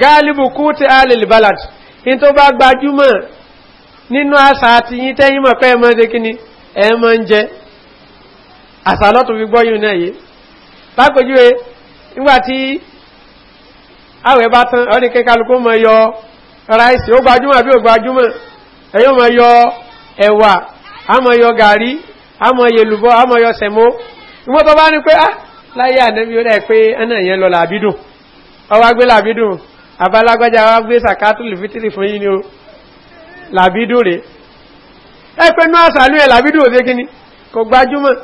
gáàlìbù kú ti alìlì balad in tó bá gbajúmọ̀ nínú àṣà àti yí tẹ́yìn mọ̀ pé ẹmọ́ ṣe kíní ẹmọ́ ń jẹ àṣà lọ́tún fi gbọ́yìn náà yìí lápèjúwe nígbàtí àwẹ̀ bá tán ọdí kẹkàlùkú mọ yọ ráìsì ó gbajúmọ̀ bí ó gbajúmọ̀ ẹ̀yọ́ mọ yọ ẹ̀wà àmọ yọ gàrí àmọ yẹlùbọ́ àmọ yọ sẹ̀mó ìwọ́n bá ní pé ah láyé ànẹ́bí ó dẹ̀ pé ẹnà yẹn lọ làbídùn ọwá gbé làbídùn àbálágbájá wá gbé sàkátùlù fítìlì fún yí ni ó làbídùn rè ẹ pé ní àṣàlú ẹ̀ làbídùn òde kíní kò gbajúmọ̀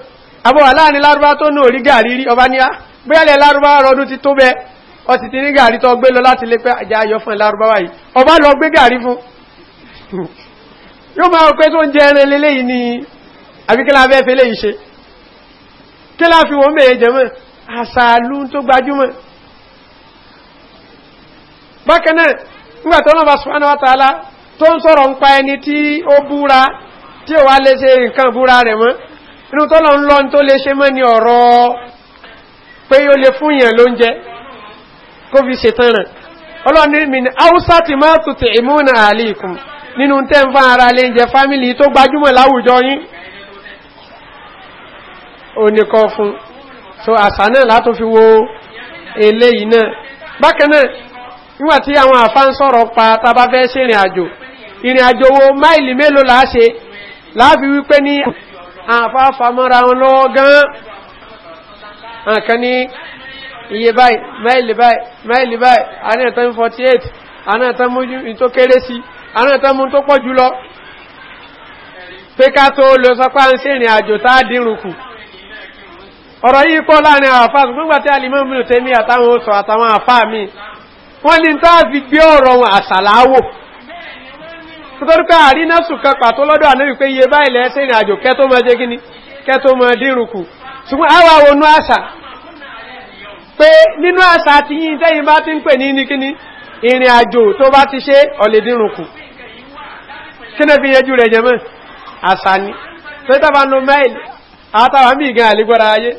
àbọ̀wà láàrin lárúbá tó ní òrí gàrí rí ọba ní á ah, bóyá lẹ̀ lárúbá ọ̀rọ̀ ti tó bẹ́ẹ̀ ọ ti ti ní gàrí tó gbé lọ láti lé pé àjá ayọ́ fún ìlárúbáwá yìí ọba lọ gbé gàrí fún yóò máa pé tó ń jẹ ẹran lélẹ́yìn ni àbíkílá abẹ́ fẹ́ léyìn ṣe kí lá fi wọ́n mẹ́rin jẹ́mọ́ àṣàlú tó gbajúmọ̀ bákanáà nígbà tó lọ́ba sùpánà wátàlá tó ń sọ̀rọ̀ ń pa ẹni tí ó búra tí ó wá lè ṣe nǹkan búra rẹ̀ mọ́ inú tọ́lọ̀ ń lọ tó lè ṣe mọ́ ní ọ̀rọ̀ pé ó lè fún yẹn lóúnjẹ kó fi ṣetán ọlọ́ni ni haúsá ti máa tù tì ìmúnà àlìkùn nínú tẹ́ ń fán ara lè jẹ fámílì tó gbajúmọ̀ láwùjọ yín oníkọ fún so àṣà náà látún fi wo eléyìí náà bákanáà níwàtí àwọn àfá ń sọ̀rọ̀ pa tàbá fẹ́ ṣe ìrìn àjò ìrìn àjò wo máìlì mélòó láṣe láàbí wípé ní àfáfà mọ́ra wọn lọ́wọ́ gan-an iye báyìí máìlì báyìí máìlì báyìí àárín ẹ̀tàn 48 àárín ẹ̀tàn mú tó kéré sí mú tó pọ̀ jùlọ tó lọ sọpá ń sí ìrìn àjò tá dínrùkù ọ̀rọ̀ yìí pọ̀ láàrin alìmọ́ àtàwọn oṣù àtàwọn mi wọ́n a fi gbé ọ̀rọ̀ wọn àṣàláwò nítorí pé àrínásù pàtó iye báyìí ìrìn àjò ṣùgbọ́n àwọn pé nínú àṣà àti yí tẹ́yìn bá ti ń pè ní níkíní ìrìn àjò tó bá ti ṣe ọ̀lẹ́dínrùnkù kí ní fi yẹjú rẹ̀ jẹmọ́ àṣà ni tó tàbá nù mẹ́ìlì àtàwà mí gan àlígbọ́ra ayé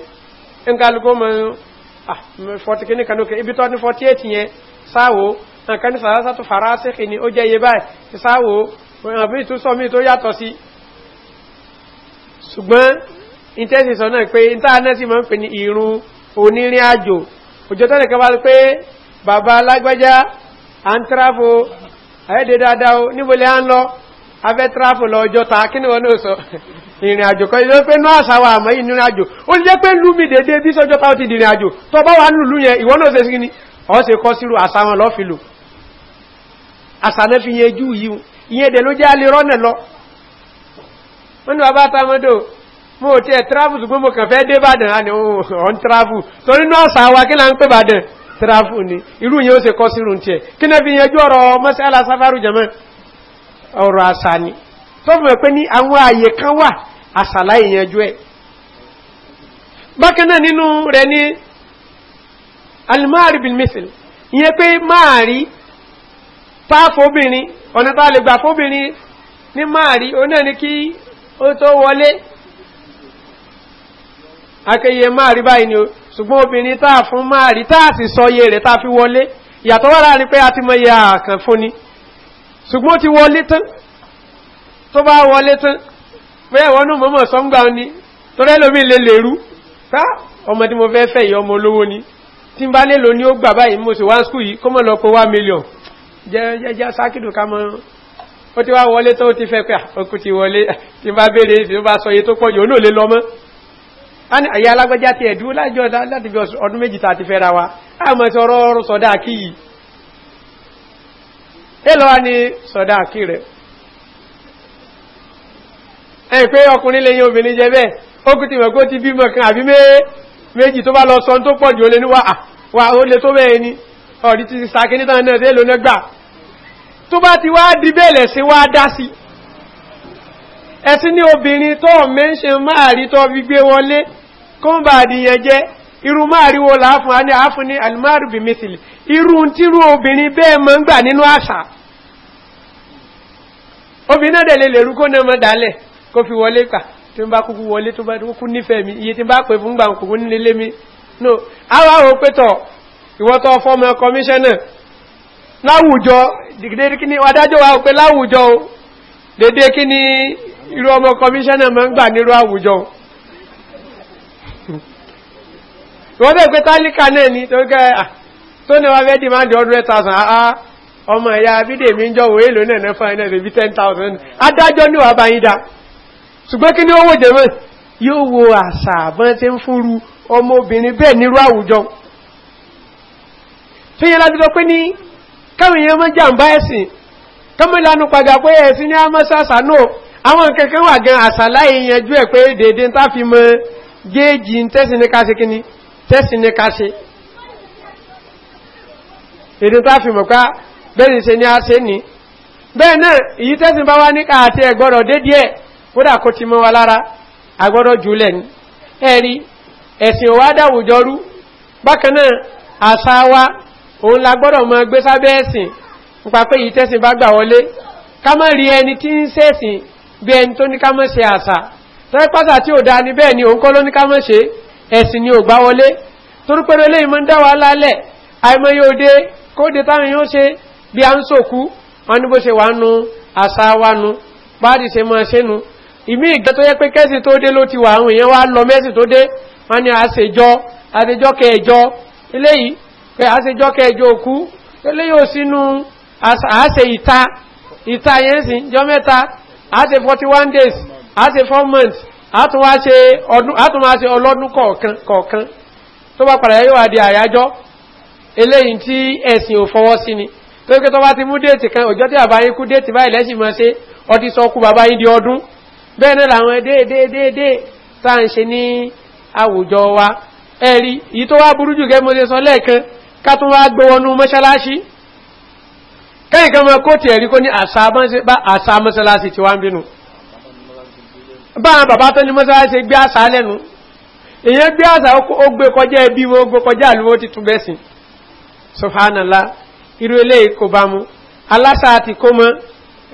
nkálukó mọ́ 40 kìíní kanókè ibi tó ní 48 yẹn sáwò nǹkan ní sàrásà tó fara síkì ni ó jẹ́ iye báyìí sáwò àbí ìtúsọ mí tó yàtọ̀ sí ṣùgbọ́n ń pè ní irun onírin àjò òjò tó nìkan bá ti pé bàbá alágbájá à ń tírafò ayédè dáadáa o níbo lè à ń lọ afẹ́ tírafò lọ́jọ́ ta kí ni wọ́n ní sọ ìrìn àjò kan ìlú pé náà sáwà àmọ́ yìí nírin àjò ó ní jẹ́ pé lumi dédé bí sọ́jọ́ táwọn ti dìrìn àjò tó bá wà nílùú yẹn ìwọ náà ṣe sígi ni ọ̀hún ṣe kọ́ sírù àṣà wọn lọ́ọ́ fi lò àṣà náà fi yẹn jù yìí ìyẹn dẹ̀ ló jẹ́ alẹ́ rọ́nà lọ. wọ́n ní wàá bá ta mọ́tò mo ti ẹ̀ travel ṣùgbọ́n mo kàn fẹ́ dé bàdàn àni on oh, travel torí náà sàwà kí là ń pè bàdàn travel ni irú yẹn ó se kọ́ sírun tiẹ̀ kí náà fi yẹjú ọ̀rọ̀ mọ́sálà sáfárù jẹ́mọ́ ọ̀rọ̀ àṣà ni tó fún ẹ pé ní àwọn ààyè kan wà àṣàlá ìyẹnjú ẹ̀ bákan náà nínú rẹ̀ ní alimari bin misil ìyẹn kí ó tó wọlé akẹyẹ máàrí báyìí ni o ṣùgbọ́n obìnrin táà fún máàrí táà sì sọye rẹ̀ táà fi wọlé ìyàtọ̀ wà láàrin pé a ti mọ iye àkàn fún ni ṣùgbọ́n ti wọlé tán tó bá wọlé tán pé ẹ̀wọ́n náà mọ́mọ́ sọ́ngbà ni torí ẹlòmí lè lèrú ká ọmọ tí mo fẹ́ fẹ́ ìyá ọmọ olówó ni tí n bá lè lò ní ó gbà báyìí mo sì wá skul yìí kó mọ̀ lọ kó wá mílíọ̀n jẹ́jẹ́ sákìdù ká mọ́ ó ti wá wọlé tó ti fẹ́ pé ọkùn ah, ti wọlé tí n bá béèrè tí ó bá sọ iye tó pọ̀ jù ó náà lè lọ mọ́ ani ní àyà alágbẹ́já ti ẹ̀dú lájọ́ láti fi ọdún méjì tàti fẹ́ra wa a mọ̀ sí ọ̀rọ̀ ọ̀rọ̀ sọ̀dá kí yìí èlọ́wà ní sọ̀dá kí rẹ̀ ẹ̀yìn pé ọkùnrin lè obìnrin jẹ bẹ́ẹ̀ ó kú ti mọ̀ kó ti bímọ kan àbí méjì tó bá lọ sọ tó pọ̀ jù ó lé ni ọ̀rí ti sàkíní tán náà tó bá ti wá di bẹ́ẹ̀lẹ̀ ẹ̀tí ní obìnrin tó mẹ́ṣe máàrí tó fi gbé wọlé kó bá dìyàn jẹ́ irú máàrí wo láàfún a ní àáfún ní alimaru bí mẹ́sìlì irú tírú obìnrin bẹ́ẹ̀ mọ́ ń gbà nínú àṣà obìnrin náà dẹ̀lẹ̀ lè rúkó náà mọ́ dálẹ̀ kó fi wọlé kà tí ń mi iye tí ń bá pè fún gbàǹkù nílé mi no àwọn láwùjọ dìgídé kí ni adájọ́ wa pé láwùjọ dédé kí ni irú ọmọ kọmíṣánà máa ń gbà nírú àwùjọ wọ́n bẹ́ẹ̀ pé tálíkà náà ni tó gẹ́ tó ní wá fẹ́ẹ́ dìmáàdì ọdún ẹ̀ta sàn á ọmọ ẹ̀yà bídèmí ń jọwọ́ èèlò náà náà fún ẹ̀nà ìbí ten thousand adájọ́ níwàá bá yín dá ṣùgbọ́n kí ni ó wò jẹ́mọ́ yóò wo àṣà àbọ́n tí ń fúnru ọmọbìnrin bẹ́ẹ̀ nírú àwùjọ tó yẹ láti lọ pé ní káwọn èèyàn mọ́ jàǹbá náà àwọn kẹ́kẹ́ wà gan àṣàlá ìyànjú ẹ̀ pé dèdè ń táfi mọ́ géèjì tẹ́sìnikáṣe kíní tẹ́sìnikáṣe èdè táfi mọ̀ pá bẹ́ẹ̀ ṣe ní a ṣe ní bẹ́ẹ̀ náà èyí tẹ́sìn bá wá ní káàtí ẹgbọ́rọ̀ dédé ẹ̀ kódà kó ti mọ́ wa lára agbọ́rọ̀ jùlẹ̀ ní ẹ̀rí ẹ̀sìn wa dáwùjọrú bákan náà àṣà wa òun la gbọ́dọ̀ mọ́ gbé sábẹ́ ẹ̀sìn nípa pé èyí tẹ́sìn bá gbà wọlé ká mọ́ rí ẹni tí ń ṣẹ̀sìn bí ẹni tó ní ká mọ́ ṣe àṣà tẹ́ tí ò dáa ní bẹ́ẹ̀ ni òun kọ́ ló ní ká mọ́ ṣe ẹ̀sìn ni ò gbá wọlé torí pé mọ́ ń wa lálẹ̀ àìmọ́ yóò dé kóde táwọn yóò ṣe bí a ń sòkú wọn ní bó ṣe wà nu àṣà wa nu báàdì ṣe mọ́ ṣe nu ìmí ìgbẹ́ tó yẹ pé kẹ́sì tó dé ló ti wà àwọn èèyàn wá lọ mẹ́sì tó dé wọn ni àṣejọ àṣejọ kẹjọ eléyìí pé àṣejọ kẹjọ òkú eléyìí ò sínú àṣe ìta ìta yẹn sì jọ mẹ́ta a forty-one days a four months a tún wá ṣe ọlọ́dún kọ̀ọ̀kan tó bá padà yóò wà di àyájọ́ eléyìn tí ẹ̀sìn ò fọwọ́ sí ni tó kí tó bá ti mú déètì kan òjò tí bàbá yín kú déètì báyìí lẹ́sìn máa ṣe ọdí sọ kú bàbá yín di ọdún bẹ́ẹ̀ náà làwọn déédéé tá à ń ṣe ní àwùjọ wa ẹ̀rí èyí tó wá burú jù gẹ́gẹ́ mo ṣe sọ lẹ́ẹ̀kan ká tún wá gbowọ́nú mọ́ṣáláṣí kẹ́yìn kan máa kó tẹ̀ rí kó ní àṣà mọ́sálásí ti wá ń bínú báwọn bàbá tó ní mọ́sálásí gbé àṣà lẹ́nu èyàn gbé àṣà ó gbé kọjá ẹbí wọn ó gbé kọjá àlúwó ti tún bẹ́sìn sọfánàlá irú ilé kò bá mú aláṣà ti kó mọ́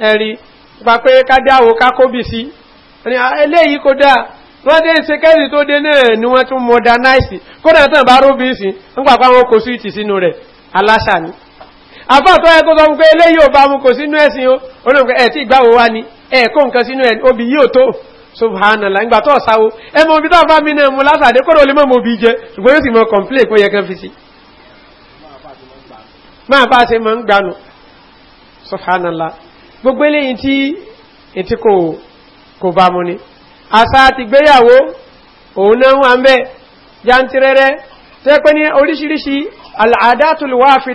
ẹ̀rí pa pé kádáwò kákóbì sí ah, eléyìí kò dáa wọ́n dé ṣe kẹ́rì tó dé náà ni wọ́n tún modernize kódà tán bá róbì ń pàpá wọn kò sí ìtì sínú rẹ̀ aláṣà ni àfáàtọ́ ẹkọ́ sọ fún pé eléyìí ò bá mú kò sínú ẹ̀sìn o olóògbé ẹ̀ tí ìgbàwó wá ní ẹ̀ẹ̀kọ́ nǹkan sínú ẹ̀ obì yíò tó subhanallah ìgbà tó ọ̀sáwó ẹmọ obi tó bá mi náà mú lásàdé kọ́rọ̀ olè mọ́ obi jẹ ṣùgbọ́n yóò sì mọ́ kọ̀m̀plé kó yẹ kan fi sí máa bá ṣe mọ́ ń gbanú subhanallah gbogbo eléyìí tí ètí kò bá mú ni àṣà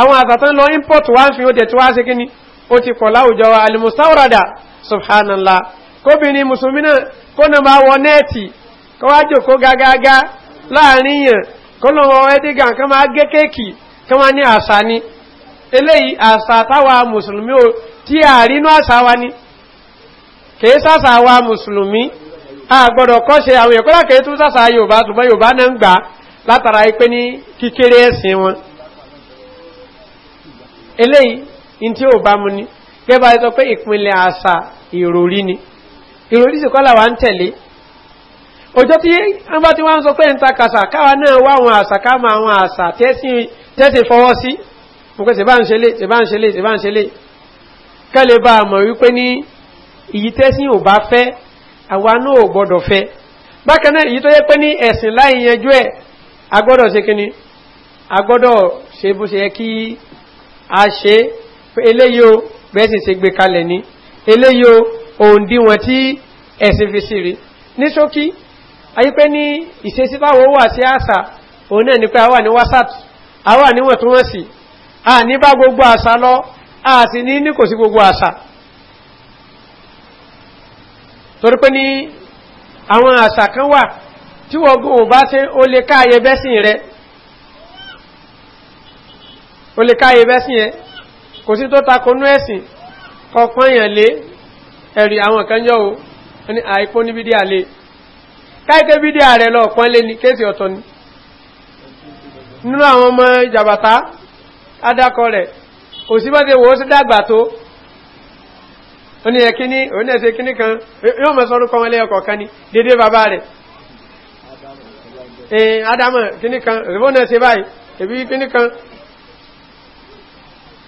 àwọn àtàtàn lọ import wá ń fi ó dẹ̀ tí wá sí kíní ó ti pọ̀ láwùjọ wa alimusaurada subhanallah kóbìnrin musulmi náà kó na máa wọ nẹ́ẹ̀tì kó wá jòkó gágágá láàrin yàn kó lọ wọ ẹ́dígà kó máa gé kéèkì kó máa ní àṣà ni eléyìí àṣà táwa musulmi ò tí àrínú àṣà wa ni kèé sàṣà wa musulmi a gbọ́dọ̀ kọ́ ṣe àwọn èkó lákèé tún sàṣà yorùbá tùmọ̀ yorùbá náà gbà látara ipé ní kíkéré ẹ̀sìn wọn eléyìí in tí ó bá mú ní gẹ́bà ìtọ́ pé ìpínlẹ̀ àṣà ìròrí ni ìròrí sì kọ́là wà ń tẹ̀lé òjò tí wọ́n bá ti wá ń sọ pé ń ta kàṣà káwa náà wá àwọn àṣà káàmà àwọn àṣà tẹ́sí fọwọ́ sí mo pé ṣèbá ń ṣe lé ṣèbá ń ṣe lé ṣèbá ń ṣe kẹ́lẹ̀ bá mọ̀ wípé ní ìyí tẹ́sí ò bá fẹ́ àwa náà ò gbọ́dọ̀ fẹ́ bákan náà èyí tó yẹ pé ní ẹ̀sìn láì yanjú ẹ̀ agbọ́dọ̀ ṣe kíni agbọ́dọ̀ ṣe bó ṣe yẹ kí a ṣe eléyìí o bẹ́ẹ̀ sì ṣe gbé kalẹ̀ ní eléyìí o òun díwọ̀n tí ẹ̀sìn fi sí rí ní ṣókí ayípẹ́ ní ìṣesí báwo wà sí àṣà òun náà ní pé a wà ní wásàtù a wà níwọ̀ntúnwọ̀nsì a ní bá gbogbo àṣà lọ a sì ní ní kò sí gbogbo àṣà torí pé ní àwọn àṣà kan wà tí wọ́n gùn bá ṣe ó lè káàyè bẹ́sìn rẹ̀ o lè káyè bẹ́sìn yẹn kò sí tó takonú ẹ̀sìn kọ̀ọ̀kan yẹn lé ẹ̀rì àwọn kan jọ o ní àìpó ní bídíà lé káyíké bídíà rẹ̀ lọ ọ̀kan lé ní kéèsì ọ̀tọ̀ ni nínú àwọn ọmọ ìjàbàtà adakọ rẹ̀ kò sí bá ti wò ó sí dàgbà tó oní ẹ̀kíní oní ẹ̀sẹ̀ kíní kan yóò mọ̀ sọ́rọ̀ kan lẹ́yọ kọ̀ọ̀kan adamu kíní kan òṣèbọ́n náà ṣe báyìí èbí kíní kan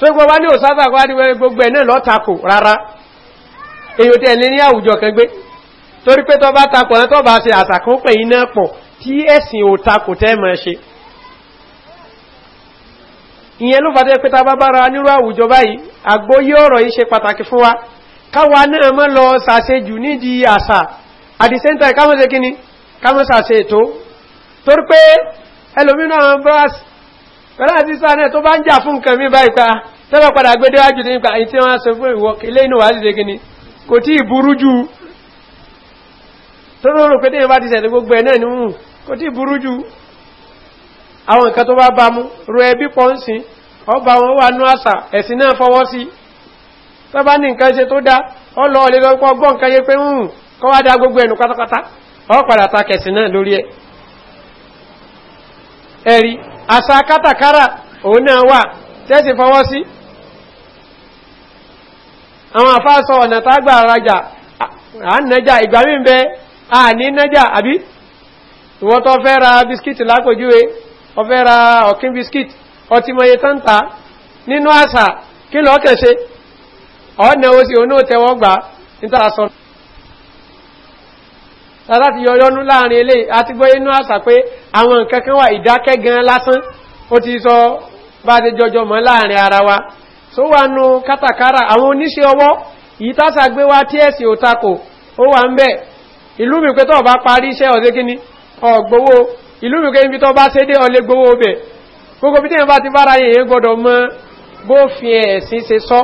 tó gbọ́ bá ní òsáfà pàdíwẹ́ gbogbo ẹ̀ náà lọ́tàkù rárá èyò tẹ́ lé ní àwùjọ kan gbé torí pé tọ́ bá takò ẹ̀ tọ́ bá ṣe àtàkùnpẹ̀ iná pọ̀ tí ẹ̀sìn ò takò tẹ́ mọ́ ṣe ìyẹn ló fàtẹ́ pé tábá bára nírú àwùjọ báyìí àgbóyé ọ̀rọ̀ yìí ṣe pàtàkì fún wa káwa náà mọ́ lọ sàṣejù nídìí àṣà àdìsẹ́ńtà kámọ́ṣe pẹ̀lú àti sọ́nà tó bá ń jà fún nǹkan mí báyìí pa tẹ́lọ padà gbé déwájú ní ipa àyíkí wọ́n sọ fún ìwọ ilé inú wà síse gini kò tí ìburú jù tó rọrùn pé déyìn bá ti sẹ̀lẹ̀ gbogbo ẹ̀ náà ní mú kò tí ìburú jù àwọn nǹkan tó bá bá mú ro ẹbí pọ̀ ń ẹ̀rí àṣà kátàkárà òun náà wà tẹ́sì fọwọ́ sí àwọn àfáàsọ ọ̀nà tágbà rajà àánẹ́jà ìgbàmí ń bẹ àánínẹ́jà àbí ìwọ́n tó fẹ́ ra biskit lápòjúwe ọfẹ́ ra ọ̀kín biskit ọtí mọye tántà nínú àṣà kí lọ́kẹ̀ ọ̀nà gbà láti yọyọnú láàrin ilé àti gbọ́ inú àṣà pé àwọn nǹkan kan wà ìdákẹ́ lásán ó ti sọ bá ti jọjọ mọ́ láàrin ara wa tó wà nù kátàkárà àwọn oníṣẹ́ ọwọ́ yìí tásà gbé wá tí ẹ̀sì òtakò ó wà ń bẹ̀ ìlú mi pé tọ́ bá parí iṣẹ́ ọ̀dẹ́ kíní ọ̀gbowó ìlú mi pé ibi tọ́ bá ṣe dé ọlẹ́ gbowó bẹ̀ gbogbo bí tẹ́yìn bá ti bára yẹn gbọ́dọ̀ mọ bófin ẹ̀sìn ṣe sọ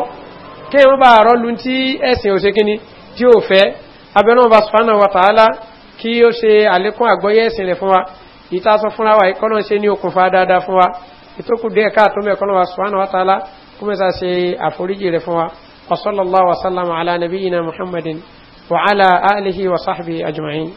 kéèyàn bá rọ́lu tí ẹ̀sìn òṣèkíní tí ò fẹ́ abẹ́nú ọba sùfánà wàtàálá kí ó ṣe àlékún àgbọ́yé ẹ̀sìn rẹ̀ fún wa ìta sọ fúnra wa ìkọ́nà ṣe ní okùnfà dáadáa fún wa ìtókù díẹ̀ káàtó mẹ́kọ́nà wa sùhánà wa tààlà kó mẹ́ta ṣe àforíjì rẹ̀ fún wa wasallallahu wasallam ala nabiyina muhammadin wa alihi wa sahbihi ajma'in